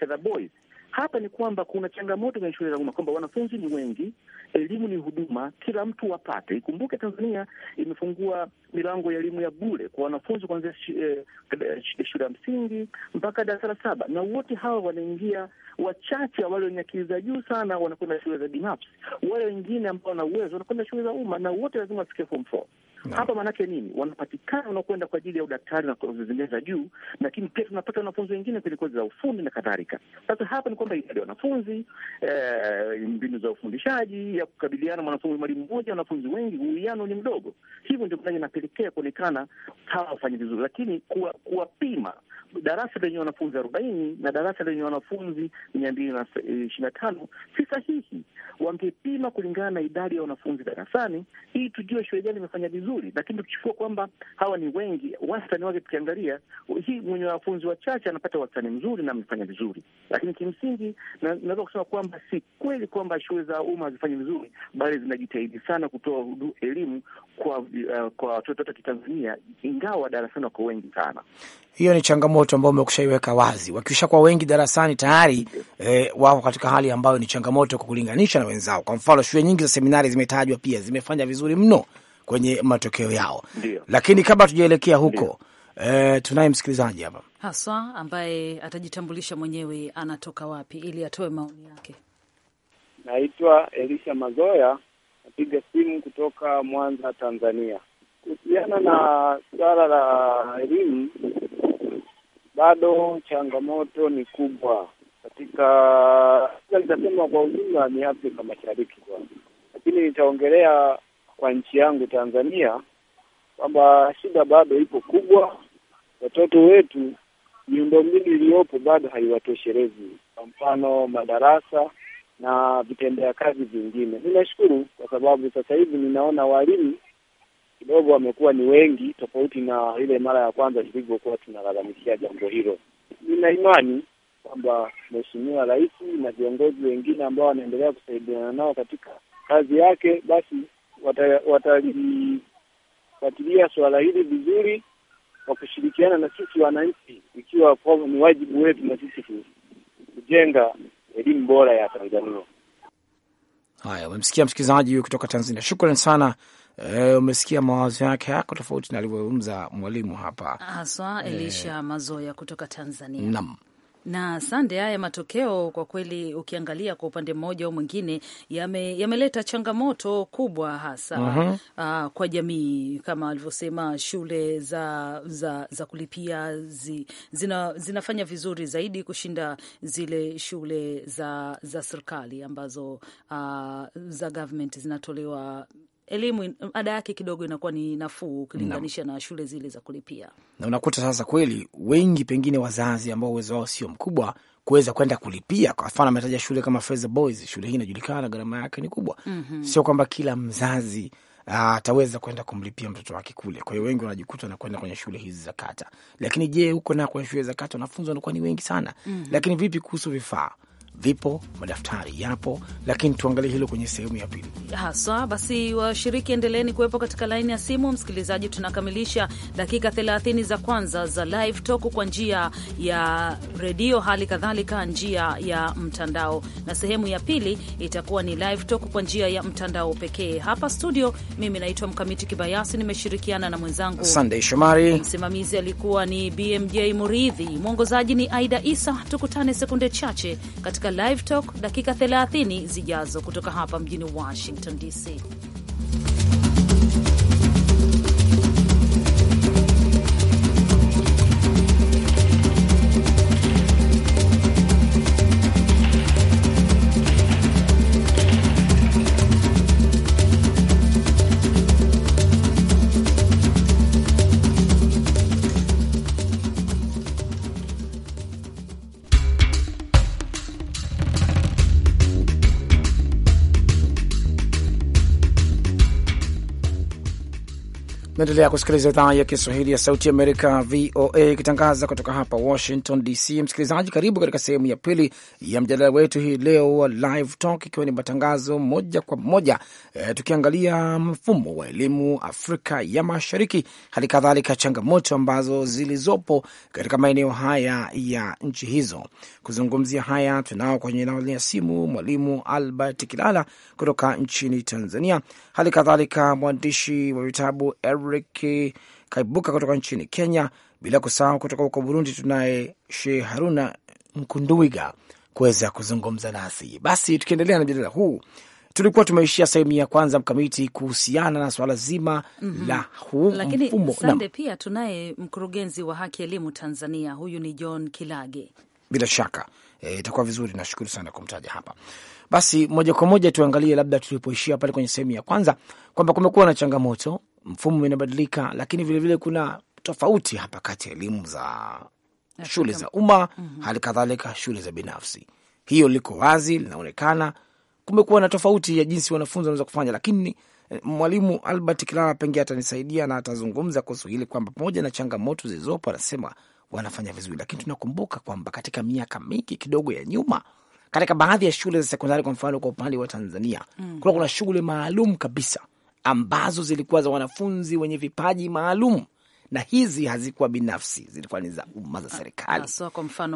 eh, Boys hapa ni kwamba kuna changamoto kwenye shule za umma kwamba wanafunzi ni wengi, elimu ni huduma, kila mtu apate. Ikumbuke Tanzania imefungua milango ya elimu ya bure kwa wanafunzi kuanzia eh, eh, shule ya msingi mpaka darasa la saba, na wote hawa wanaingia. Wachache wale wenye akili za juu sana wanakwenda shule za binafsi, wale wengine ambao wana uwezo wanakwenda shule za umma, na wote lazima wafike form four no. Hapa maanake nini? Wanapatikana wanakwenda kwa ajili ya udaktari na kozi zingine za juu, lakini pia tunapata wanafunzi wengine kwenye kozi za ufundi na kadhalika. Sasa hapa ni kwamba idadi ya wanafunzi, eh, mbinu za ufundishaji ya kukabiliana mwanafunzi mwalimu mmoja, wanafunzi wengi, uwiano ni mdogo. Hivyo ndio maana inapelekea kuonekana hawa wafanye vizuri, lakini kuwapima kuwa darasa lenye wanafunzi arobaini na darasa lenye wanafunzi mia mbili na eh, ishirini na tano si sahihi. Wangepima kulingana na idadi ya wanafunzi darasani ili tujue shule gani imefanya vizuri vizuri, lakini tukichukua kwamba hawa ni wengi, wastani wake tukiangalia, hii mwenye wanafunzi wachache anapata wastani mzuri na amefanya vizuri, lakini kimsingi naweza kusema kwamba si kweli kwamba shule za umma hazifanyi vizuri, bali zinajitahidi sana kutoa elimu kwa uh, kwa watoto wote Kitanzania, ingawa darasani wako wengi sana. Hiyo ni changamoto ambayo umekushaiweka wazi. Wakisha Wakishakuwa wengi darasani tayari, eh, wako katika hali ambayo ni changamoto kwa kulinganisha na wenzao. Kwa mfano, shule nyingi za seminari zimetajwa pia zimefanya vizuri mno, kwenye matokeo yao. Ndiyo. Lakini kabla tujaelekea huko e, tunaye msikilizaji hapa haswa ambaye atajitambulisha mwenyewe anatoka wapi ili atoe maoni yake. Naitwa Elisha Mazoya, napiga simu kutoka Mwanza, Tanzania. Kuhusiana na suala la elimu, bado changamoto ni kubwa katika, nitasema kwa ujumla ni Afrika Mashariki kwa, lakini nitaongelea kwa nchi yangu Tanzania kwamba shida bado ipo kubwa. Watoto wetu miundombinu iliyopo bado haiwatoshelezi, kwa mfano madarasa na vitendea kazi vingine. Ninashukuru kwa sababu sasa hivi ninaona walimu kidogo wamekuwa ni wengi, tofauti na ile mara ya kwanza tulivyokuwa tunalalamikia jambo hilo. Nina imani kwamba Mheshimiwa Rais na viongozi wengine ambao wanaendelea kusaidiana nao katika kazi yake, basi watalifuatilia suala hili vizuri kwa kushirikiana na sisi wananchi, ikiwa kwamba ni wajibu wetu na sisi kujenga elimu bora ya Tanzania. Haya, umemsikia msikilizaji huyu kutoka Tanzania. Shukran sana. E, umesikia mawazo yake yako tofauti na alivyozungumza mwalimu hapa haswa eh, Elisha e, Mazoya kutoka Tanzania. Naam na sande. Haya matokeo kwa kweli, ukiangalia kwa upande mmoja au mwingine, yameleta yame changamoto kubwa hasa uh -huh. uh, kwa jamii kama alivyosema, shule za, za, za kulipia zi, zina, zinafanya vizuri zaidi kushinda zile shule za, za serikali ambazo uh, za government zinatolewa elimu ada yake kidogo inakuwa ni nafuu ukilinganisha na, na shule zile za kulipia, na unakuta sasa kweli wengi pengine wazazi ambao uwezo wao sio mkubwa kuweza kwenda kulipia. Kwa mfano ametaja shule kama Fraser Boys, shule hii inajulikana, gharama yake ni kubwa mm -hmm. Sio kwamba kila mzazi ah, ataweza kwenda kumlipia mtoto wake kule. Kwa hiyo wengi wanajikuta wanakwenda kwenye shule hizi za kata, lakini je, huko na kwenye shule za kata wanafunzi wanakuwa ni wengi sana mm -hmm. Lakini vipi kuhusu vifaa? vipo, madaftari yapo, lakini tuangalie hilo kwenye sehemu ya pili haswa. Basi washiriki, endeleni kuwepo katika laini ya simu. Msikilizaji, tunakamilisha dakika 30 za kwanza za live talk kwa njia ya redio, hali kadhalika njia ya mtandao, na sehemu ya pili itakuwa ni live talk kwa njia ya mtandao pekee. Hapa studio, mimi naitwa Mkamiti Kibayasi, nimeshirikiana na mwenzangu Sandey Shomari, msimamizi alikuwa ni BMJ Muridhi, mwongozaji ni Aida Isa. Tukutane sekunde chache katika katika Live Talk dakika 30 zijazo kutoka hapa mjini Washington DC. Naendelea kusikiliza idhaa ya Kiswahili ya Sauti Amerika, VOA, ikitangaza kutoka hapa Washington DC. Msikilizaji, karibu katika sehemu ya pili ya mjadala wetu hii leo wa Live Talk, ikiwa ni matangazo moja kwa moja e, tukiangalia mfumo wa elimu Afrika ya Mashariki, hali kadhalika changamoto ambazo zilizopo katika maeneo haya ya nchi hizo. Kuzungumzia haya, tunao kwenye laini ya simu Mwalimu Albert Kilala kutoka nchini Tanzania, hali kadhalika mwandishi wa vitabu Fabriki Kaibuka kutoka nchini Kenya, bila kusahau kutoka huko Burundi tunaye Sheikh Haruna Mkunduwiga kuweza kuzungumza nasi. Basi tukiendelea na mjadala huu, tulikuwa tumeishia sehemu ya kwanza mkamiti kuhusiana na swala zima mm -hmm. la huu lakini mfumo sande. Pia tunaye mkurugenzi wa haki elimu Tanzania, huyu ni John Kilage. Bila shaka e, itakuwa e, vizuri. Nashukuru sana kumtaja hapa. Basi moja kwa moja tuangalie labda tulipoishia pale kwenye sehemu ya kwanza kwamba kumekuwa na changamoto mfumo inabadilika, lakini vilevile vile kuna tofauti hapa kati ya elimu za shule za umma mm -hmm. hali kadhalika shule za binafsi. Hiyo liko wazi, linaonekana kumekuwa na tofauti ya jinsi wanafunzi wanaweza kufanya, lakini eh, mwalimu Albert Kilala pengine atanisaidia na atazungumza kuhusu hili kwamba pamoja na changamoto zilizopo, anasema wanafanya vizuri, lakini tunakumbuka kwamba katika miaka mingi kidogo ya nyuma katika baadhi ya shule za sekondari, kwa mfano, kwa upande wa Tanzania mm. kuna kuna shule maalum kabisa ambazo zilikuwa za wanafunzi wenye vipaji maalum na hizi hazikuwa binafsi, zilikuwa ni za umma za serikali,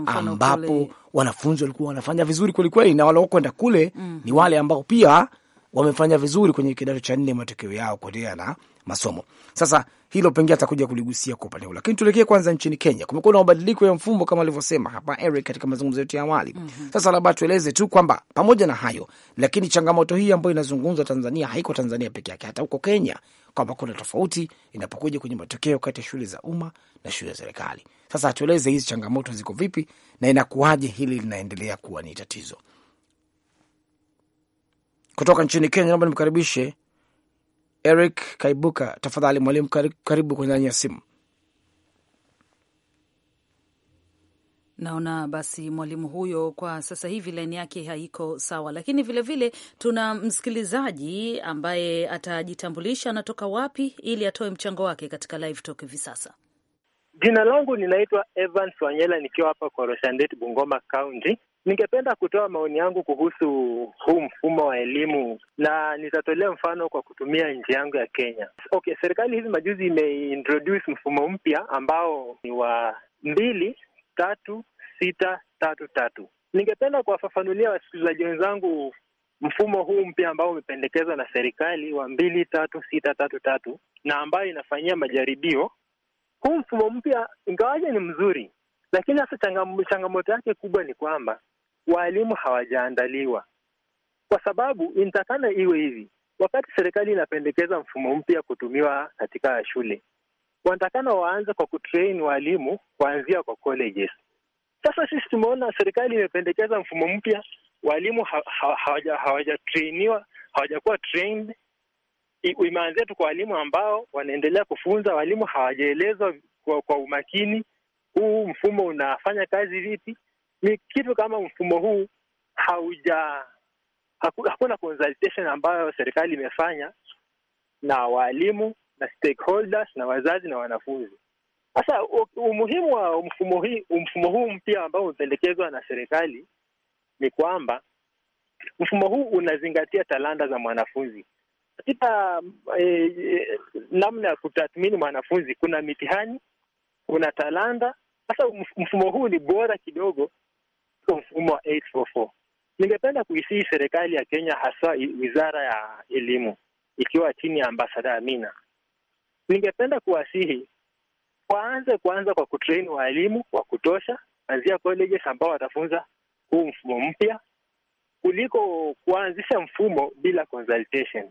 ambapo wanafunzi walikuwa wanafanya vizuri kwelikweli, na waliokwenda kule mm -hmm. ni wale ambao pia wamefanya vizuri kwenye kidato cha nne, matokeo yao kuendelea na masomo. Sasa hilo pengine atakuja kuligusia kwa upande huu, lakini tuelekee kwanza nchini Kenya. Kumekuwa na mabadiliko ya mfumo kama alivyosema hapa Eric katika mazungumzo yetu ya awali. mm -hmm. Sasa labda tueleze tu kwamba pamoja na hayo, lakini changamoto hii ambayo inazungumzwa Tanzania haiko Tanzania peke yake, hata huko Kenya, kwamba kuna tofauti inapokuja kwenye matokeo kati ya shule za umma na shule za serikali. Sasa tueleze hizi changamoto ziko vipi na inakuwaje hili linaendelea kuwa ni tatizo? Kutoka nchini Kenya, naomba nimkaribishe Eric Kaibuka. Tafadhali mwalimu, karibu kwenye laini ya simu. Naona basi mwalimu huyo kwa sasa hivi laini yake haiko sawa, lakini vilevile vile, tuna msikilizaji ambaye atajitambulisha anatoka wapi ili atoe mchango wake katika live talk hivi sasa. Jina langu ninaitwa Evans Wanyela nikiwa hapa Roshandet, Bungoma kaunti Ningependa kutoa maoni yangu kuhusu huu mfumo wa elimu na nitatolea mfano kwa kutumia nchi yangu ya Kenya. Okay, serikali hivi majuzi imeintroduce mfumo mpya ambao ni wa mbili tatu sita tatu tatu. Ningependa kuwafafanulia wasikilizaji wenzangu mfumo huu mpya ambao umependekezwa na serikali wa mbili tatu sita tatu tatu na ambayo inafanyia majaribio. Huu mfumo mpya ingawaje ni mzuri, lakini sasa changamoto yake kubwa ni kwamba waalimu hawajaandaliwa, kwa sababu intakana iwe hivi. Wakati serikali inapendekeza mfumo mpya kutumiwa katika shule, wanatakana waanze kwa kutrain waalimu kuanzia kwa colleges. Sasa sisi tumeona serikali imependekeza mfumo mpya, waalimu hawajatrainiwa, hawajakuwa trained. Imeanzia tu kwa walimu ambao wanaendelea kufunza, walimu hawajaelezwa kwa, kwa umakini huu mfumo unafanya kazi vipi ni kitu kama mfumo huu hauja haku, hakuna consultation ambayo serikali imefanya na waalimu na stakeholders na wazazi na wanafunzi. Sasa umuhimu wa mfumo hii mfumo huu mpya ambao umependekezwa na serikali ni kwamba mfumo huu unazingatia talanta za mwanafunzi katika e, e, namna ya kutathmini mwanafunzi. Kuna mitihani, kuna talanta. Sasa mfumo huu ni bora kidogo katika mfumo wa 844. Ningependa kuisihi serikali ya Kenya, hasa wizara ya elimu ikiwa chini ya ambasada Amina, ningependa kuwasihi waanze kuanza kwa kutrain waalimu wa kutosha kuanzia colleges ambao watafunza huu mfumo mpya kuliko kuanzisha mfumo bila consultation.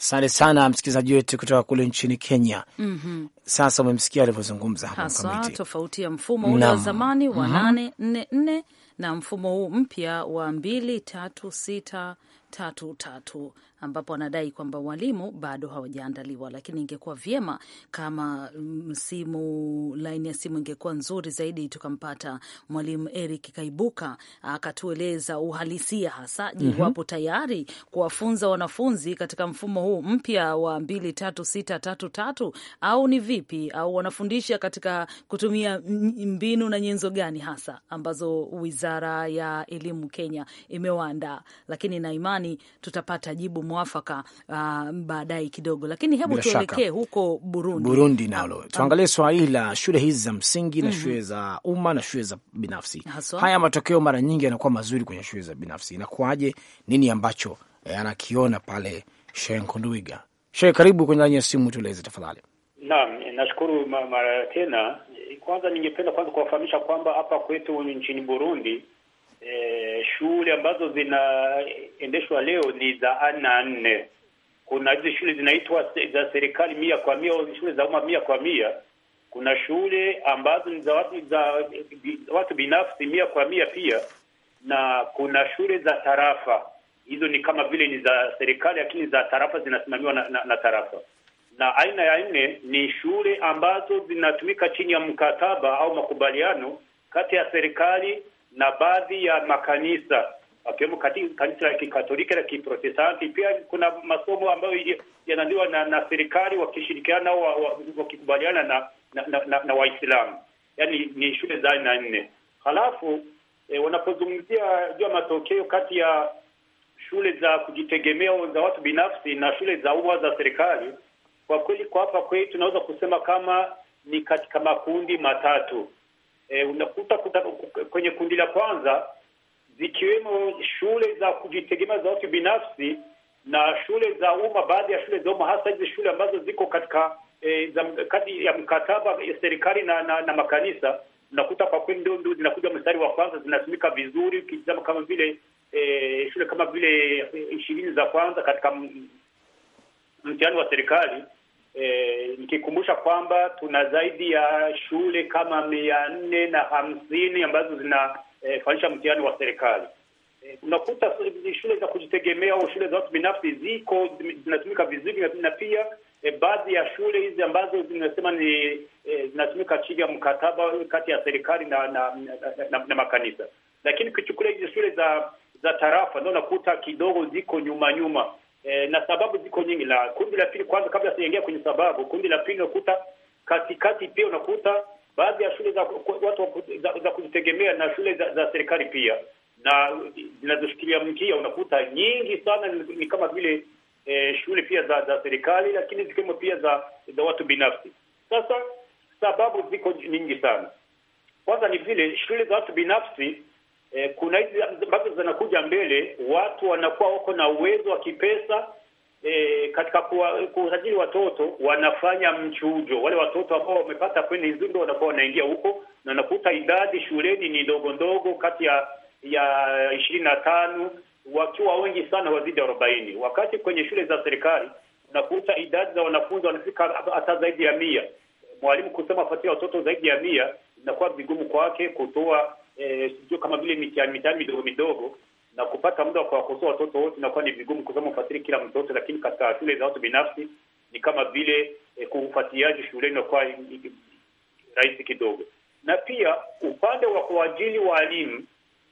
Asante sana msikilizaji wetu kutoka kule nchini Kenya. mm -hmm. Sasa umemsikia alivyozungumza hasa tofauti ya mfumo ule wa zamani wa mhm. nane nne nne na mfumo huu mpya wa mbili tatu sita tatu tatu ambapo anadai kwamba walimu bado hawajaandaliwa, lakini ingekuwa vyema kama msimu, laini ya simu ingekuwa nzuri zaidi, tukampata mwalimu Eric Kaibuka akatueleza uhalisia hasa, je, mhm. wapo tayari kuwafunza wanafunzi katika mfumo huu mpya wa mbili tatu sita tatu tatu au ni vipi? Au wanafundisha katika kutumia mbinu na nyenzo gani hasa ambazo wizara ya elimu Kenya imewaandaa? Lakini na imani tutapata jibu mwafaka uh, baadaye kidogo, lakini hebu tuelekee huko Burundi. Burundi nalo ah, ah. tuangalie swala la shule hizi za msingi na mm -hmm. shule za umma na shule za binafsi. Haswa. Haya matokeo mara nyingi yanakuwa mazuri kwenye shule za binafsi. Inakuwaje? Nini ambacho eh, anakiona pale Shehe Nkunduiga? Shehe, karibu kwenye laini ya simu, tueleze tafadhali. Naam, nashukuru mara tena. Kwanza ningependa kwanza kuwafahamisha kwamba hapa kwetu nchini Burundi e, shule ambazo zinaendeshwa leo ni za aina nne. Kuna hizi shule zinaitwa za serikali mia kwa mia au shule za umma mia kwa mia. Kuna shule ambazo ni za watu, za watu binafsi mia kwa mia pia, na kuna shule za tarafa. Hizo ni kama vile ni za serikali, lakini za tarafa zinasimamiwa na, na, na tarafa na aina ya nne ni shule ambazo zinatumika chini ya mkataba au makubaliano kati ya serikali na baadhi ya makanisa akiwemo kanisa la Kikatoliki la Kiprotestanti. Pia kuna masomo ambayo yanaliwa na, na serikali wakishirikiana wa, wa, wakikubaliana na na, na, na, na Waislamu, yani ni shule za aina nne. Halafu e, wanapozungumzia juu ya matokeo kati ya shule za kujitegemea za watu binafsi na shule za umma za serikali, kwa kweli kwa hapa kwetu tunaweza kusema kama ni katika makundi matatu e, unakuta kwenye kundi la kwanza zikiwemo shule za kujitegemea za watu binafsi na shule za umma, baadhi ya shule za umma hasa hizi shule ambazo ziko katika e, kati ya mkataba serikali na, na, na makanisa unakuta kwa kweli ndio ndio zinakuja mstari wa kwanza, zinasimika vizuri. Ukitizama kama vile e, shule kama vile ishirini za kwanza katika mtihani wa serikali E, nikikumbusha kwamba tuna zaidi ya shule kama mia nne na hamsini ambazo zinafanyisha eh, e, mtihani wa serikali. Eh, unakuta e, shule za kujitegemea au shule za watu binafsi ziko zinatumika vizuri, na pia e, baadhi ya shule hizi ambazo zinasema ni e, zinatumika chini ya mkataba kati ya serikali na na, na, na, na makanisa, lakini ukichukulia hizi shule za za tarafa ndio unakuta kidogo ziko nyuma nyuma e, na sababu ziko nyingi. La kundi la pili, kwanza kabla sijaingia kwenye sababu, kundi la pili unakuta katikati pia unakuta baadhi ya shule za watu za, za kujitegemea na shule za, za serikali pia na zinazoshikilia mkia unakuta nyingi sana ni, ni kama vile e, shule pia za, za serikali lakini zikiwemo pia za za watu binafsi. Sasa sababu ziko nyingi sana. Kwanza ni vile shule za watu binafsi e, kuna hizi ambazo zinakuja mbele, watu wanakuwa wako na uwezo wa kipesa e, katika kusajili watoto wanafanya mchujo. Wale watoto ambao wamepata kwenye hizi ndio wanakuwa wanaingia huko, na nakuta idadi shuleni ni ndogo ndogo, kati ya ya ishirini na tano wakiwa wengi sana wazidi arobaini, wakati kwenye shule za serikali nakuta idadi za wanafunzi wanafika hata zaidi ya mia. Mwalimu kusema afuatia watoto zaidi ya mia, inakuwa vigumu kwake kutoa Eh, sio kama vile mitihani midogo midogo, na kupata muda wa kuwakosoa watoto wote inakuwa ni vigumu, kwa sababu kila mtoto, lakini katika shule za watu binafsi ni kama vile eh, kufuatiliaji shuleni inakuwa rahisi kidogo. Na pia upande wa kuajili walimu,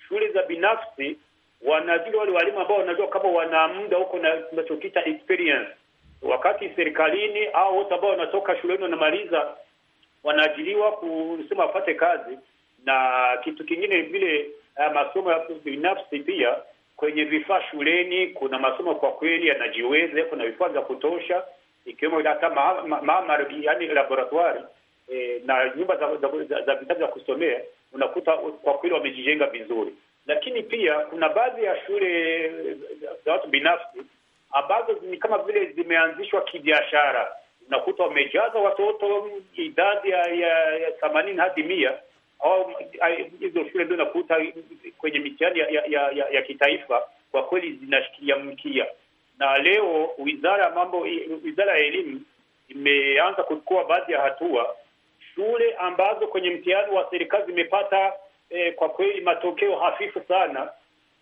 shule za binafsi wanajili wale walimu ambao wanajua kama wana muda huko na tunachokita experience, wakati serikalini au wote ambao wanatoka shuleni wanamaliza wanaajiliwa kusema wapate kazi na kitu kingine vile uh, masomo ya binafsi pia kwenye vifaa shuleni. Kuna masomo kwa kweli yanajiweza, kuna vifaa vya kutosha ikiwemo hata maabara, yani laboratoire eh, na nyumba za za, za, za, za, za kusomea, unakuta kwa kweli wamejijenga vizuri, lakini pia kuna baadhi ya shule za watu binafsi ambazo ni kama vile zimeanzishwa kibiashara, unakuta wamejaza watoto idadi ya themanini hadi mia au hizo shule ndio nakuta kwenye mitihani ya, ya, ya, ya kitaifa kwa kweli zinashikilia mkia, na leo wizara ya mambo, wizara ya elimu imeanza kuchukua baadhi ya hatua. Shule ambazo kwenye mtihani wa serikali zimepata eh, kwa kweli matokeo hafifu sana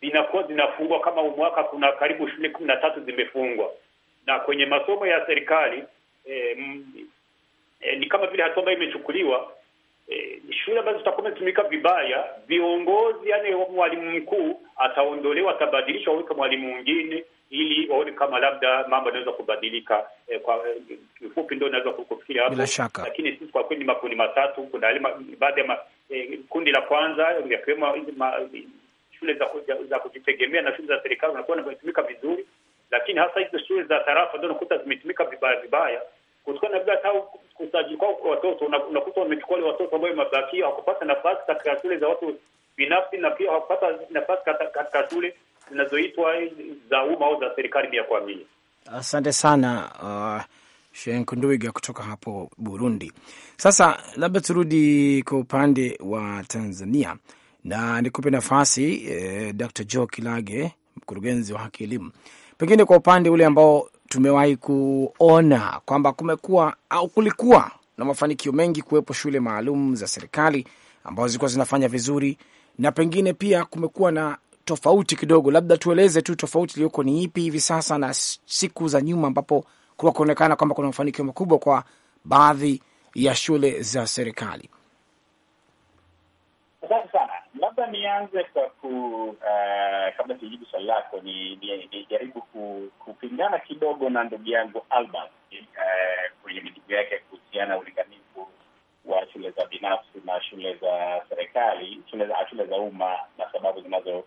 zinakuwa zinafungwa. Kama umwaka kuna karibu shule kumi na tatu zimefungwa, na kwenye masomo ya serikali eh, eh, ni kama vile hatua ambayo imechukuliwa eh, shule ambazo zitakuwa zimetumika vibaya, viongozi yani mwalimu mkuu ataondolewa, atabadilishwa, aweke mwalimu mwingine ili waone kama labda mambo yanaweza kubadilika. Eh, kwa eh, kifupi ndio naweza kufikiria hapo, bila shaka. Lakini sisi kwa kweli ni makundi matatu, kuna baadhi ya eh, kundi la kwanza yakiwemo shule za, za kujitegemea na shule za serikali zinakuwa zimetumika vizuri, lakini hasa hizo shule za tarafa ndio nakuta zimetumika vibaya vibaya kutokana na bila tau kusajili kwa watoto, unakuta wamechukua wale watoto ambao mabakio hawakupata nafasi katika shule za watu binafsi, na pia hawakupata nafasi katika shule zinazoitwa za umma au za serikali mia kwa mia. Asante sana uh, Shenkunduiga kutoka hapo Burundi. Sasa labda turudi kwa upande wa Tanzania na nikupe nafasi eh, Dr. Joe Kilage, mkurugenzi wa haki elimu, pengine kwa upande ule ambao tumewahi kuona kwamba kumekuwa au kulikuwa na mafanikio mengi kuwepo shule maalum za serikali ambazo zilikuwa zinafanya vizuri, na pengine pia kumekuwa na tofauti kidogo. Labda tueleze tu tofauti iliyoko ni ipi hivi sasa na siku za nyuma, ambapo kuwa kuonekana kwamba kuna mafanikio makubwa kwa baadhi ya shule za serikali. Asante sana. Labda nianze kwa ku uh, sijibu swali lako, ni nijaribu kupingana kidogo na ndugu yangu Albert eh, kwenye mijibu yake kuhusiana na ulinganifu wa shule za binafsi na shule za serikali, shule za shule za umma na sababu zinazo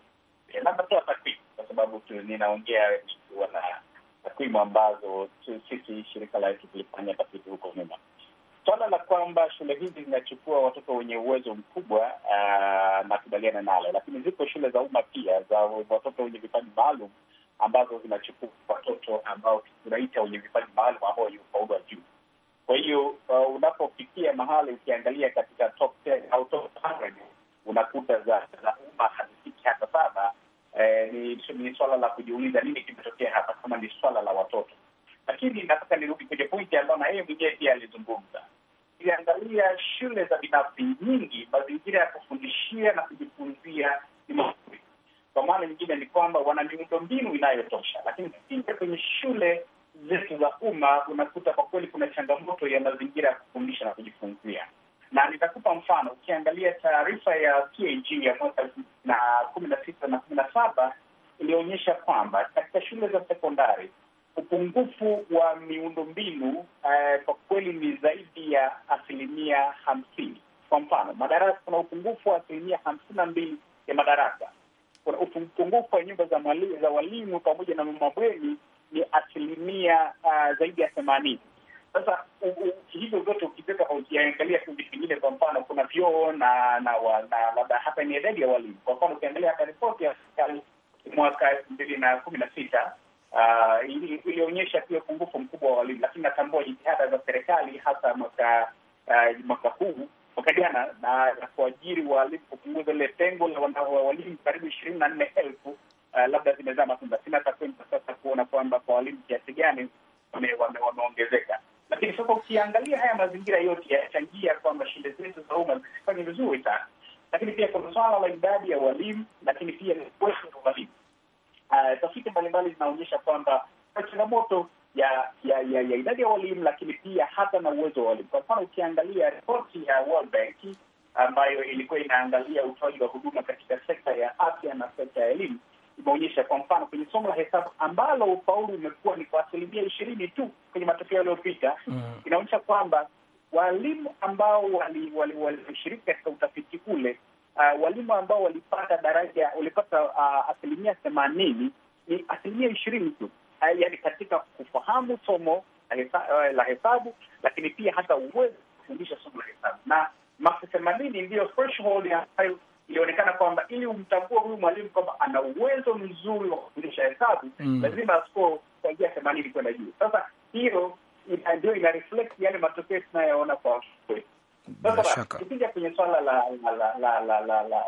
eh, natoa takwimu kwa sababu ninaongea nikiwa na takwimu ambazo sisi shirika letu tulifanya tafiti huko nyuma swala la kwamba shule hizi zinachukua watoto wenye uwezo mkubwa ah, na kukabiliana nalo, lakini ziko shule za umma pia za watoto wenye vipaji maalum ambazo zinachukua watoto ambao tunaita wenye vipaji maalum ambao wenye ufaulu wa juu. Kwa hiyo uh, unapofikia mahali ukiangalia katika top 10 au top 100 unakuta za za umma hazifiki hata saba. Eh, ni, ni swala la kujiuliza nini kimetokea hapa, kama ni swala la watoto. Lakini nataka nirudi kwenye pointi ambayo na yeye mwenyewe pia alizungumza, ukiangalia shule za binafsi miundombinu inayotosha, lakini ukija kwenye shule zetu za umma unakuta kwa kweli kuna changamoto ya mazingira ya kufundisha na kujifunzia, na nitakupa mfano. Ukiangalia taarifa ya PAG ya mwaka elfu mbili na kumi na sita na kumi na saba ilionyesha kwamba katika shule za sekondari upungufu wa miundombinu eh, kwa kweli ni zaidi ya asilimia hamsini. Kwa mfano madarasa, kuna upungufu wa asilimia hamsini na mbili mpungufu wa nyumba za mali, za walimu pamoja na mabweni ni asilimia uh, zaidi ya themanini. Sasa hivyo vyote ukiweka ukiangalia kundi vitu vingine, kwa mfano kuna vyoo na na labda hata ni idadi ya walimu. Kwa mfano ukiangalia hata ripoti ya serikali mwaka elfu mbili na kumi na sita uh, ilionyesha pia upungufu mkubwa wa walimu, lakini natambua jitihada za serikali hasa mwaka uh, mwaka huu mwaka jana na kuajiri walimu, kupunguza ile pengo la walimu karibu ishirini na nne elfu eh, labda zimezaa matunda. Sina takwimu kwa sasa kuona kwamba kwa walimu kiasi gani wameongezeka, lakini sasa ukiangalia haya mazingira yote yachangia kwamba shule zetu za umma zisifanye vizuri sana, lakini pia kuna swala la idadi ya walimu, lakini pia kuwepo wa walimu. Ah, tafiti mbalimbali zinaonyesha kwamba changamoto ya ya ya, ya idadi ya walimu, lakini pia hata na uwezo wa walimu. Kwa mfano, ukiangalia ripoti ya World Bank ambayo ilikuwa inaangalia utoaji wa huduma katika sekta ya afya na sekta ya elimu imeonyesha kwa mfano kwenye somo la hesabu ambalo ufaulu umekuwa ni kwa asilimia ishirini tu kwenye matokeo yaliyopita, mm. inaonyesha kwamba walimu ambao walishiriki wali, wali, katika utafiti ule uh, walimu ambao walipata daraja walipata uh, asilimia themanini ni asilimia ishirini tu yani katika kufahamu somo la hesabu, eh, lakini pia hata uwezo kufundisha somo la hesabu. Na maksi themanini ndiyo ambayo ilionekana kwamba ili umtambue huyu mwalimu kwamba ana uwezo mzuri wa kufundisha hesabu mm, lazima score kuanzia themanini kwenda juu. Sasa hiyo ndio ina yale matokeo tunayoona kwa bila tukija kwenye swala la la la la la la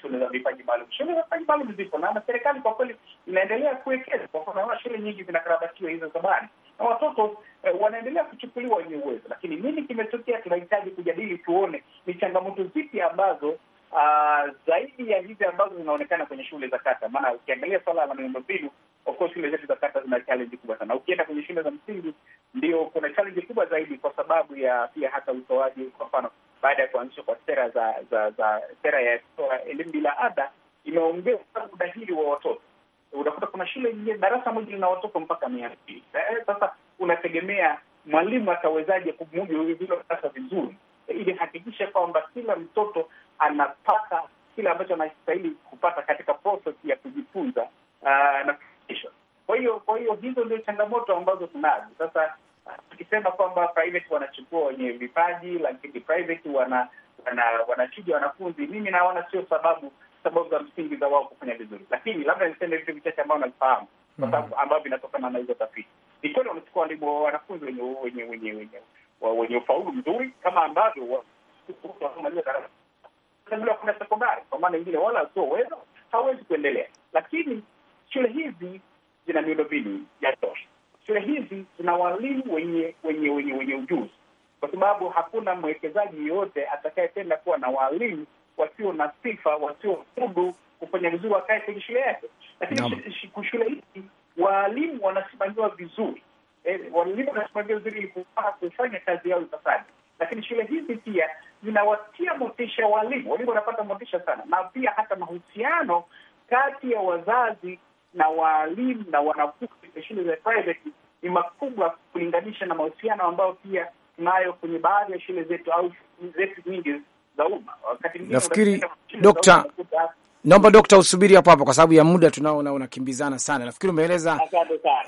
shule za vipaji maalum, shule za vipaji maalum zipo na serikali kwa kweli inaendelea kuwekeza. Kwa kuna shule nyingi zinakarabatiwa hizo zamani na watoto eh, wanaendelea kuchukuliwa wenye uwezo, lakini nini kimetokea? Tunahitaji kujadili, tuone ni changamoto zipi ambazo uh, zaidi ya hizi ambazo zinaonekana kwenye shule za kata. Maana ukiangalia swala la miundombinu, of course shule zetu za kata zina challenge kubwa sana. Ukienda kwenye shule za msingi, ndio kuna challenge kubwa zaidi, kwa sababu ya pia hata utoaji, kwa mfano baada ya kuanzishwa kwa sera za za za sera ya kutoa elimu bila ada imeongeza udahili wa watoto. Unakuta kuna shule nyingine darasa moja lina watoto mpaka mia mbili. Eh, sasa unategemea mwalimu atawezaje kumudu hilo darasa vizuri ilihakikisha kwamba kila mtoto anapata kile ambacho anastahili kupata katika process ya kujifunza uh, na kufundishwa. Kwa hiyo kwa hiyo hizo ndio changamoto ambazo tunazo sasa. Tukisema kwamba private wanachukua wenye vipaji, lakini private wana wanachuja wanafunzi, mimi naona sio sababu sababu za msingi za wao kufanya vizuri, lakini labda niseme vitu vichache ambao navifahamu kwa sababu mm. ambavyo vinatokana na hizo tafiti. Ni kweli wanachukua walimu wanafunzi wenye wenye wenye wenye wenye ufaulu mzuri kama ambavyo kuna sekondari, kwa maana ingine wala uwezo hawezi kuendelea. Lakini shule hizi zina miundombinu ya tosha, shule hizi zina walimu wenye wenye wenye wenye ujuzi, kwa sababu hakuna mwekezaji yeyote atakayependa kuwa na walimu wasio na sifa, wasio wasiofudu kufanya vizuri, wakae kwenye shule yake. Lakini shule hizi walimu wanasimamiwa vizuri Eh, walimu na vile wazuri ilikuwa kufanya kazi yao ipasavyo, lakini shule hizi pia zinawatia motisha walimu. Walimu wanapata motisha sana, na pia hata mahusiano kati ya wazazi na waalimu na wanafunzi katika shule za private ni makubwa kulinganisha na mahusiano ambayo pia tunayo kwenye baadhi ya shule zetu au zetu nyingi za umma. Wakati mwingine nafikiri, Dokta Naomba dokta usubiri hapo hapo kwa sababu ya muda tunaona unakimbizana sana. Nafikiri umeeleza.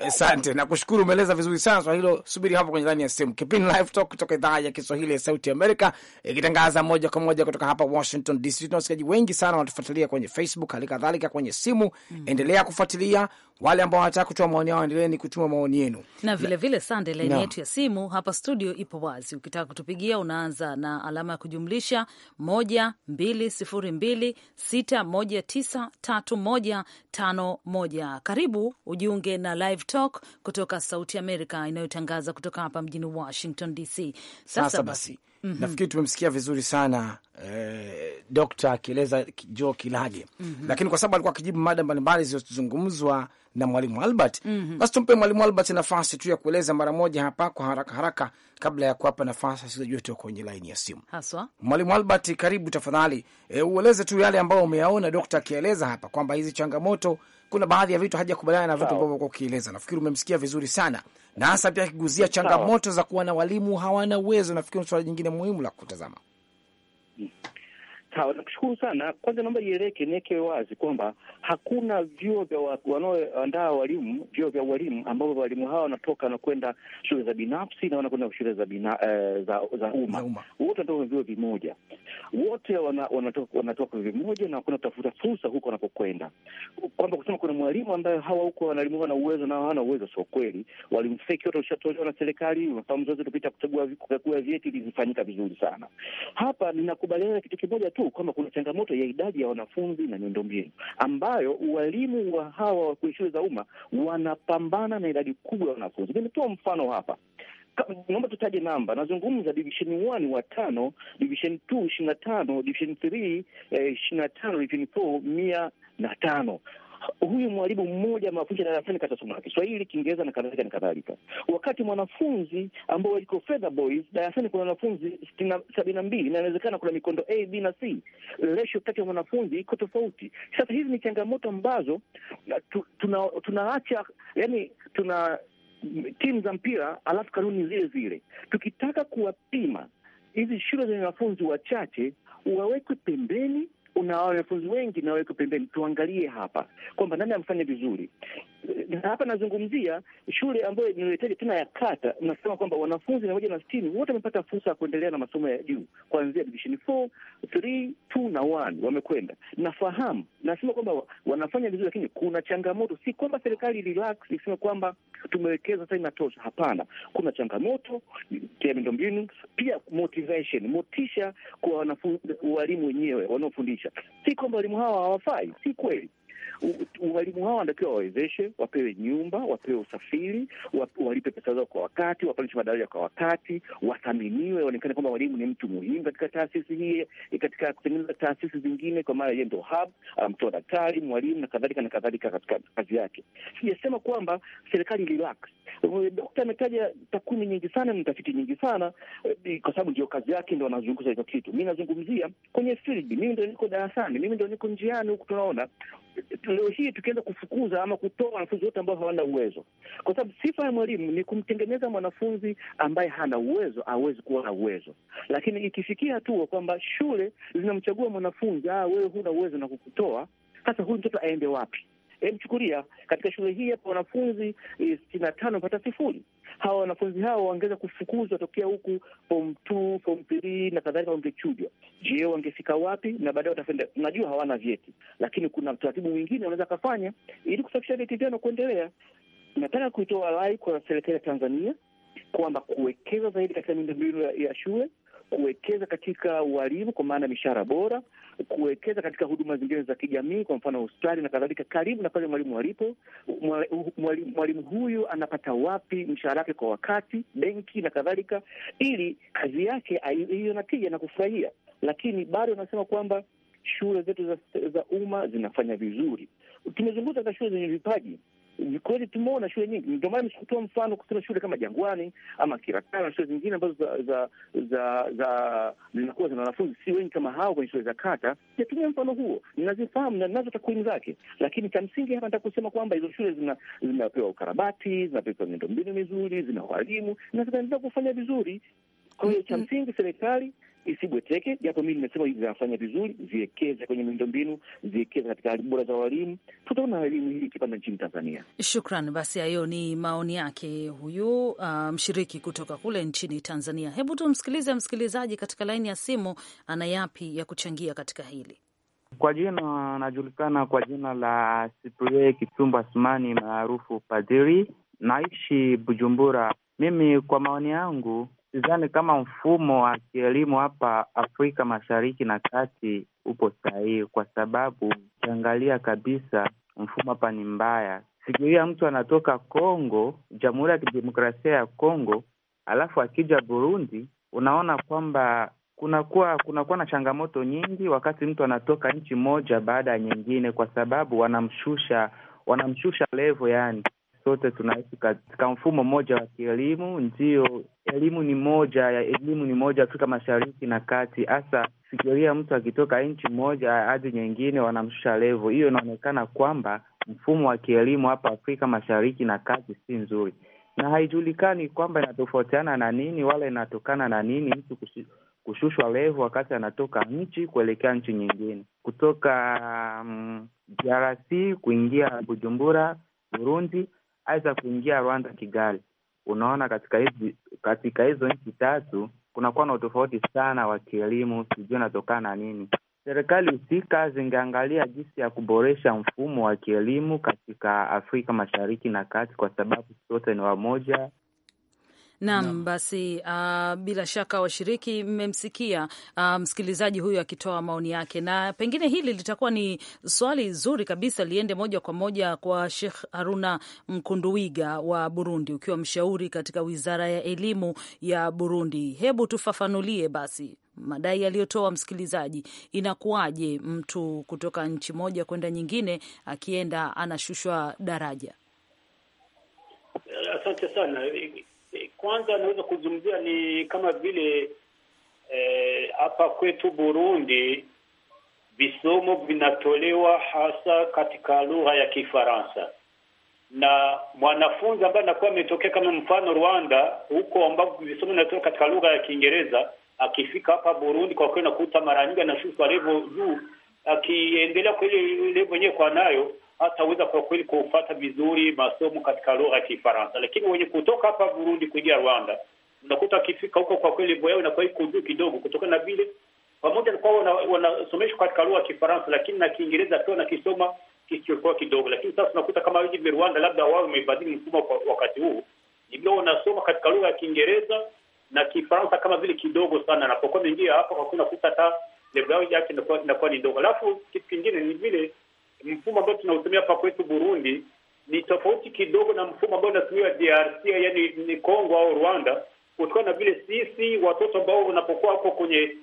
Asante Nakushukuru umeeleza vizuri sana swali hilo. Subiri hapo kwenye laini ya simu. Kipindi Live Talk kutoka idhaa ya Kiswahili ya Sauti ya Amerika ikitangaza moja kwa moja kutoka hapa Washington DC. Tuna wasikaji wengi sana wanatufuatilia kwenye Facebook, hali kadhalika kwenye simu. Mm. Endelea kufuatilia wale ambao wanataka kutoa maoni yao, endeleeni kutuma maoni yenu, na vile vile sande, line yetu ya simu hapa studio ipo wazi. Ukitaka kutupigia unaanza na alama ya kujumlisha moja mbili sifuri mbili sita moja 1931551. Karibu ujiunge na Live Talk kutoka Sauti Amerika inayotangaza kutoka hapa mjini Washington DC. Sasa, Sasa basi -hmm. Nafikiri tumemsikia vizuri sana eh, dokta akieleza jo Kilaje mm -hmm. Lakini kwa sababu alikuwa akijibu mada mbalimbali zilizozungumzwa na mwalimu Albert mm -hmm. Basi tumpe mwalimu Albert nafasi tu ya kueleza mara moja hapa kwa haraka haraka, kabla ya kuwapa nafasi asizojuto kwenye laini ya simu haswa. Mwalimu Albert, karibu tafadhali, e, ueleze tu yale ambayo umeyaona dokta akieleza hapa kwamba hizi changamoto, kuna baadhi ya vitu hajakubaliana na vitu ambavyo ukieleza. Nafikiri umemsikia vizuri sana na hasa pia akiguzia changamoto za kuwa na walimu hawana uwezo. Nafikiri ni suala jingine muhimu la kutazama. Mm. Sawa, nakushukuru sana. Kwanza naomba ieleke niweke wazi kwamba hakuna vyuo vya wanaoandaa walimu, vyuo vya walimu ambavyo walimu hawa wanatoka na kwenda shule za binafsi na wanakwenda shule za bina, eh, za, za umma. Wote wanatoka vyuo vimoja, wote wanatoka wanatoka vimoja na hakuna kutafuta fursa huko wanapokwenda, kwamba kusema kuna mwalimu ambaye hawa huko wanalimu wana uwezo na hawana uwezo, sio kweli. Walimu feki wote ushatolewa na serikali. Mafamu zote tupita kuchagua vyeti, vilifanyika vizuri sana. Hapa ninakubaliana na kitu kimoja tu kwamba kuna changamoto ya idadi ya wanafunzi na miundombinu ambayo walimu wa hawa kwenye shule za umma wanapambana na idadi kubwa ya wanafunzi. Nimetoa mfano hapa, naomba tutaje namba. Nazungumza division one watano, division two ishirini na tano, division three eh, ishirini na tano, division four mia na tano huyu mwalimu mmoja amewafundisha darasani la Kiswahili, Kiingereza na kadhalika na kadhalika, wakati mwanafunzi ambao waliko Feather Boys darasani kuna wanafunzi sabini na mbili na inawezekana kuna mikondo A, B na C, ratio kati ya mwanafunzi iko tofauti. Sasa hizi ni changamoto ambazo tunaacha tuna, tuna yani tuna timu za mpira alafu kanuni zile zile, tukitaka kuwapima hizi shule zenye wanafunzi wachache wawekwe pembeni unaona wanafunzi wengi naweka pembeni, tuangalie hapa kwamba nani amefanya vizuri hapa nazungumzia shule ambayo niwetaje tena ya kata, nasema kwamba wanafunzi mia moja na sitini wote wamepata fursa ya kuendelea na masomo ya juu kuanzia division four, three, two na one wamekwenda. Nafahamu nasema kwamba wanafanya vizuri, lakini kuna changamoto. Si kwamba serikali relax iseme kwamba tumewekeza sasa inatosha, hapana. Kuna changamoto ya miundombinu, pia motivation, motisha kwa wanafunzi, walimu wenyewe wanaofundisha. Si kwamba walimu hawa hawafai, si kweli walimu hao wanatakiwa wawezeshe, wapewe nyumba, wapewe usafiri, walipe pesa zao kwa wakati, wapandishe madaraja kwa wakati, wathaminiwe, waonekane kwamba mwalimu ni mtu muhimu katika taasisi hii, e, katika kutengeneza taasisi zingine, kwa maana yeye ndo hub, anamtoa daktari, mwalimu na kadhalika na kadhalika katika kazi yake. Sijasema kwamba serikali relax. Dokta ametaja takwimu nyingi sana na tafiti nyingi sana e, kwa sababu ndio kazi yake, ndo anazunguza hicho kitu. Mi nazungumzia kwenye field, mimi ndo niko darasani, mimi ndo niko njiani huku, tunaona leo hii tukienda kufukuza ama kutoa wanafunzi wote ambao hawana uwezo, kwa sababu sifa ya mwalimu ni kumtengeneza mwanafunzi ambaye hana uwezo awezi kuwa na uwezo. Lakini ikifikia hatua kwamba shule zinamchagua mwanafunzi, ah, wewe huna uwezo na kukutoa, sasa huyu mtoto aende wapi? Hebu chukulia katika shule hii hapa wanafunzi eh, sitini na tano pata sifuri. Hawa wanafunzi hao wangeweza kufukuzwa tokea huku form two, form three na kadhalika, wangechujwa. Je, wangefika wapi? Na baadaye watafenda, unajua hawana vyeti, lakini kuna utaratibu mwingine wanaweza akafanya ili kusafisha vyeti vyao na kuendelea. Nataka kuitoa rai kwa serikali ya Tanzania kwamba kuwekeza zaidi katika miundombinu ya shule kuwekeza katika ualimu kwa maana mishahara bora, kuwekeza katika huduma zingine za kijamii, kwa mfano hospitali na kadhalika, karibu na pale mwalimu alipo. Mwalimu huyu anapata wapi mshahara wake kwa wakati, benki na kadhalika, ili kazi yake hiyo na tija na kufurahia. Lakini bado anasema kwamba shule zetu za, za umma zinafanya vizuri. Tumezungumza hata shule zenye vipaji kweli tumeona shule nyingi, ndio maana nimekutoa mfano kusema shule kama Jangwani ama na shule zingine ambazo za za za zinakuwa zina wanafunzi si wengi kama hao kwenye shule za kata. Natumia mfano huo, ninazifahamu na nazo takwimu zake, lakini cha msingi hapa nataka kusema kwamba hizo shule zina zinapewa ukarabati, zinapewa miundombinu mizuri, zina walimu na zinaendelea kufanya vizuri. Kwa hiyo cha mhm. msingi serikali isibweteke, japo mimi nimesema hivi zinafanya vizuri, ziwekeze kwenye miundombinu, ziwekeze katika hali bora za walimu, tutaona elimu hii ikipanda nchini Tanzania. Shukran. Basi hayo ni maoni yake huyu uh, mshiriki um, kutoka kule nchini Tanzania. Hebu tumsikilize msikilizaji katika laini ya simu, ana yapi ya kuchangia katika hili. Kwa jina anajulikana kwa jina la Cyprien Kitumba Simani maarufu Padiri, naishi Bujumbura. Mimi kwa maoni yangu sidhani kama mfumo wa kielimu hapa Afrika Mashariki na Kati upo sahihi, kwa sababu ukiangalia kabisa mfumo hapa ni mbaya. Fikiria mtu anatoka Kongo, Jamhuri ya Kidemokrasia ya Kongo, alafu akija Burundi, unaona kwamba kunakuwa kunakuwa na changamoto nyingi wakati mtu anatoka nchi moja baada ya nyingine, kwa sababu wanamshusha wanamshusha levo, yani sote tunaishi katika mfumo mmoja wa kielimu, ndio elimu ni moja ya elimu ni moja Afrika Mashariki na Kati. Hasa fikiria mtu akitoka nchi moja hadi nyingine, wanamshusha levo. Hiyo inaonekana kwamba mfumo wa kielimu hapa Afrika Mashariki na Kati si nzuri, na haijulikani kwamba inatofautiana na nini wala inatokana na nini mtu kushushwa levo wakati anatoka nchi kuelekea nchi nyingine, kutoka um, mm, DRC kuingia Bujumbura Burundi aidha kuingia Rwanda Kigali. Unaona, katika hizi katika hizo nchi tatu kunakuwa na utofauti sana wa kielimu, sijui unatokana na nini. Serikali husika zingeangalia jinsi ya kuboresha mfumo wa kielimu katika Afrika Mashariki na Kati, kwa sababu sote ni wamoja Naam, no. Basi uh, bila shaka washiriki mmemsikia uh, msikilizaji huyu akitoa maoni yake, na pengine hili litakuwa ni swali zuri kabisa liende moja kwa moja kwa Sheikh Haruna Mkunduwiga wa Burundi, ukiwa mshauri katika Wizara ya Elimu ya Burundi. Hebu tufafanulie basi madai aliyotoa msikilizaji, inakuwaje mtu kutoka nchi moja kwenda nyingine akienda anashushwa daraja? Asante sana kwanza naweza kuzungumzia ni kama vile eh, hapa kwetu Burundi visomo vinatolewa hasa katika lugha ya Kifaransa na mwanafunzi ambaye anakuwa ametokea kama mfano Rwanda huko ambapo visomo vinatoka katika lugha ya Kiingereza, akifika hapa Burundi kwa kweli nakuta mara nyingi anashushwa levo juu, akiendelea kwa ile level yenyewe kwa nayo hataweza kwa kweli kufuata vizuri masomo katika lugha ya Kifaransa. Lakini wenye kutoka hapa Burundi kuingia Rwanda, unakuta akifika huko kwa kweli lugha yao inakuwa iko juu kidogo, kutokana na vile pamoja na kwao wanasomeshwa wana katika lugha ya Kifaransa, lakini na Kiingereza pia wanakisoma kisichokuwa kidogo. Lakini sasa unakuta kama hivi Rwanda, labda wao wamebadili mfumo kwa wakati huu, ndio wanasoma katika lugha ya Kiingereza na Kifaransa kama vile kidogo sana. napokuwa mingia hapo kwa kuna kuta hata lugha yao yake inakuwa ni ndogo. Alafu kitu kingine ni vile mfumo ambao tunautumia hapa kwetu Burundi ni tofauti kidogo na mfumo ambao unatumiwa DRC, yani ni Kongo au Rwanda, kutokana na vile sisi watoto ambao wanapokuwa hapo kwenye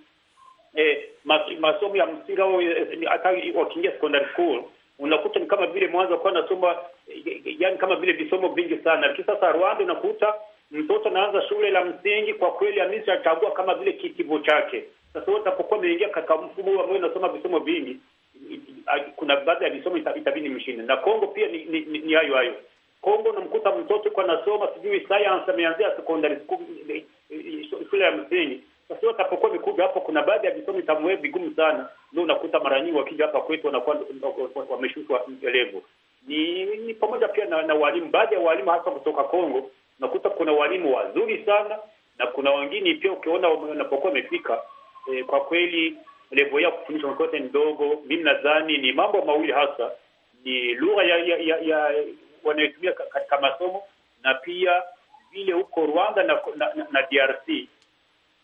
eh, masomo ya msingi au eh, hata wakiingia secondary school unakuta ni kama vile mwanzo kwa anasoma yani kama vile visomo vingi sana, lakini sasa Rwanda unakuta mtoto anaanza shule la msingi kwa kweli amesha kama vile kitivo chake. Sasa wote utapokuwa umeingia katika mfumo huu ambao unasoma visomo vingi, kuna baadhi ya visomo itabidi mshinde, na Kongo pia ni, ni, ni, ni hayo hayo. Kongo unamkuta mtoto kwa nasoma sijui science ameanzia secondary school shule ya msingi sasa watapokuwa mikubwa hapo, kuna baadhi ya visomo itamwe vigumu sana, ndio unakuta mara nyingi wakija hapa kwetu wanakuwa wameshushwa elevu. Ni, ni pamoja pia na, na walimu, baadhi ya walimu hasa kutoka Kongo unakuta kuna walimu wazuri sana na kuna wengine pia ukiona wanapokuwa wamefika eh, kwa kweli levo kufundishwa kufundisha kote ndogo. Mimi nadhani ni mambo mawili hasa, ni lugha ya, ya, ya, ya wanayotumia katika masomo na pia vile huko Rwanda na, na, na DRC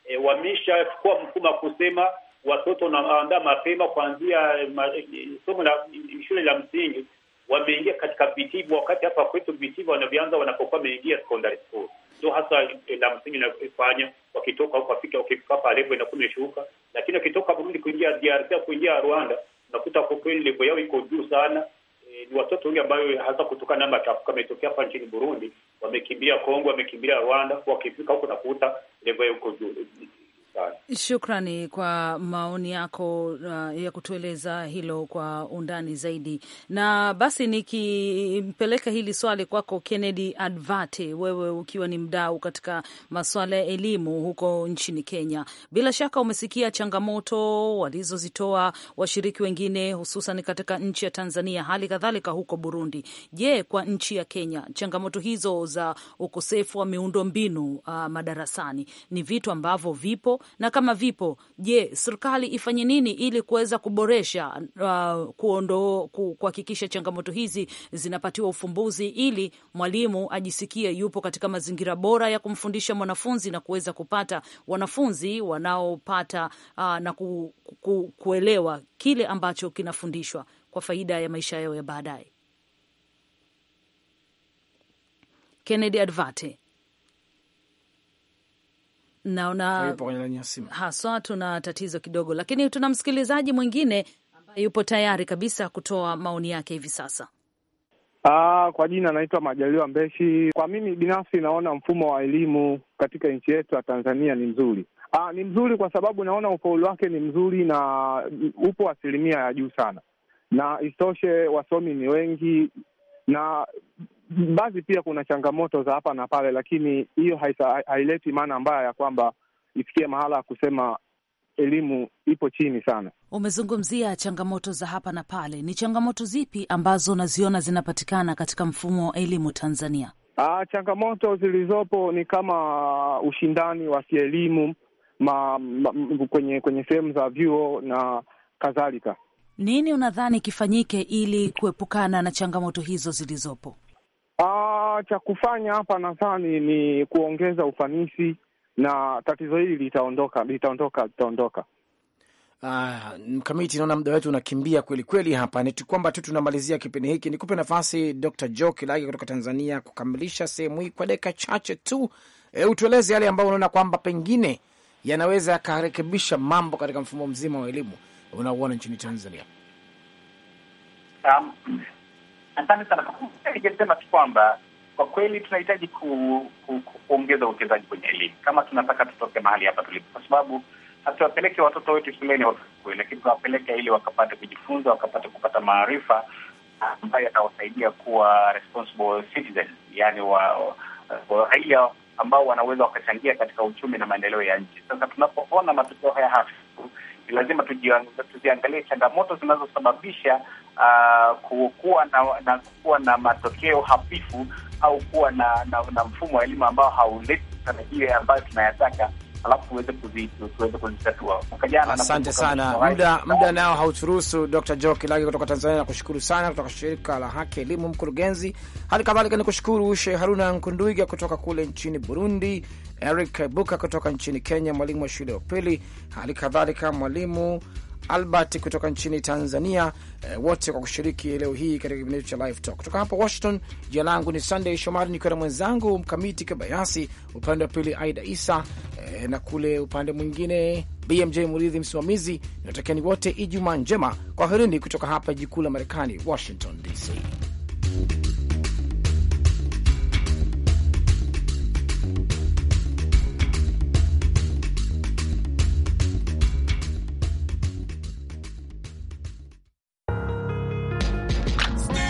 e, wameshakuwa mfumo wa kusema watoto wanaandaa mapema kuanzia ma, e, somo la shule la msingi, wameingia katika vitivo, wakati hapa kwetu vitivo wanavyoanza wanapokuwa wameingia secondary school ndio hasa eh, la msingi inafanya wakitoka huko Afrika, wakifika level inakuwa imeshuka, lakini wakitoka Burundi kuingia DRC, kuingia Rwanda, unakuta kwa kweli level yao iko juu sana. E, ni watoto wengi ambayo hasa kutokana na machafuko yametokea hapa nchini Burundi, wamekimbia Kongo, wamekimbia Rwanda, wakifika huko nakuta level yao iko juu. Shukrani kwa maoni yako uh, ya kutueleza hilo kwa undani zaidi. Na basi nikimpeleka hili swali kwako Kennedy Advate, wewe ukiwa ni mdau katika masuala ya elimu huko nchini Kenya, bila shaka umesikia changamoto walizozitoa washiriki wengine hususan katika nchi ya Tanzania, hali kadhalika huko Burundi. Je, kwa nchi ya Kenya changamoto hizo za ukosefu wa miundombinu uh, madarasani ni vitu ambavyo vipo na kama vipo, je, serikali ifanye nini ili kuweza kuboresha uh, kuondo kuhakikisha changamoto hizi zinapatiwa ufumbuzi ili mwalimu ajisikie yupo katika mazingira bora ya kumfundisha mwanafunzi na kuweza kupata wanafunzi wanaopata uh, na ku, ku, kuelewa kile ambacho kinafundishwa kwa faida ya maisha yao ya baadaye. Kennedy Advate, naona haswa tuna tatizo kidogo, lakini tuna msikilizaji mwingine ambaye yupo tayari kabisa kutoa maoni yake hivi sasa. Aa, ah, kwa jina anaitwa Majaliwa Mbeshi. Kwa mimi binafsi naona mfumo wa elimu katika nchi yetu ya Tanzania ni mzuri. Aa, ah, ni mzuri kwa sababu naona ufaulu wake ni mzuri na upo asilimia ya juu sana, na isitoshe wasomi ni wengi na basi pia kuna changamoto za hapa na pale, lakini hiyo haileti maana mbaya ya kwamba ifikie mahala ya kusema elimu ipo chini sana. Umezungumzia changamoto za hapa na pale, ni changamoto zipi ambazo unaziona zinapatikana katika mfumo wa elimu Tanzania? Aa, ah, changamoto zilizopo ni kama ushindani wa kielimu ma, ma, kwenye kwenye sehemu za vyuo na kadhalika. Nini unadhani kifanyike ili kuepukana na changamoto hizo zilizopo? Ah, cha kufanya hapa nadhani ni kuongeza ufanisi na tatizo hili litaondoka, litaondoka, litaondoka. Ah, Mkamiti, naona muda wetu unakimbia kweli kweli hapa. Ni kwamba tu tunamalizia kipindi hiki, nikupe nafasi Dr. Joe Kilage kutoka Tanzania kukamilisha sehemu hii kwa dakika chache tu. E, utueleze yale ambayo unaona kwamba pengine yanaweza yakarekebisha mambo katika mfumo mzima wa elimu unaoona nchini Tanzania. Um. Asante sana. Ningesema tu kwamba kwa kweli tunahitaji kuongeza uwekezaji kwenye elimu kama tunataka tutoke mahali hapa tulipo, kwa sababu hatuwapeleke watoto wetu shuleni watukue, lakini tunawapeleka ili wakapate kujifunza, wakapate kupata maarifa ambayo yatawasaidia kuwa responsible citizens, yani wa raia ambao wanaweza wakachangia katika uchumi na maendeleo ya nchi. Sasa tunapoona matokeo haya hafifu, ni lazima tuziangalie changamoto zinazosababisha uh, kuwa na, na kuwa na matokeo hafifu au kuwa na, na, na mfumo wa elimu ambao hauleti ile ambayo tunayataka. Asante sana, muda muda nao hauturuhusu. Dr. Jo Kilagi kutoka Tanzania na kushukuru sana, kutoka shirika la Haki Elimu mkurugenzi. Hali kadhalika ni kushukuru Sheikh Haruna Nkunduiga kutoka kule nchini Burundi, Eric Buka kutoka nchini Kenya, mwalimu wa shule ya upili, hali kadhalika mwalimu Albert kutoka nchini Tanzania, eh, wote kwa kushiriki leo hii katika kipindi cha Live Talk kutoka hapa Washington. Jina langu ni Sunday Shomari, nikiwa na mwenzangu Mkamiti Kibayasi, upande wa pili Aida Isa, eh, na kule upande mwingine BMJ Muridhi msimamizi. Natakieni wote Ijumaa njema, kwaherini kutoka hapa jikuu la Marekani, Washington DC.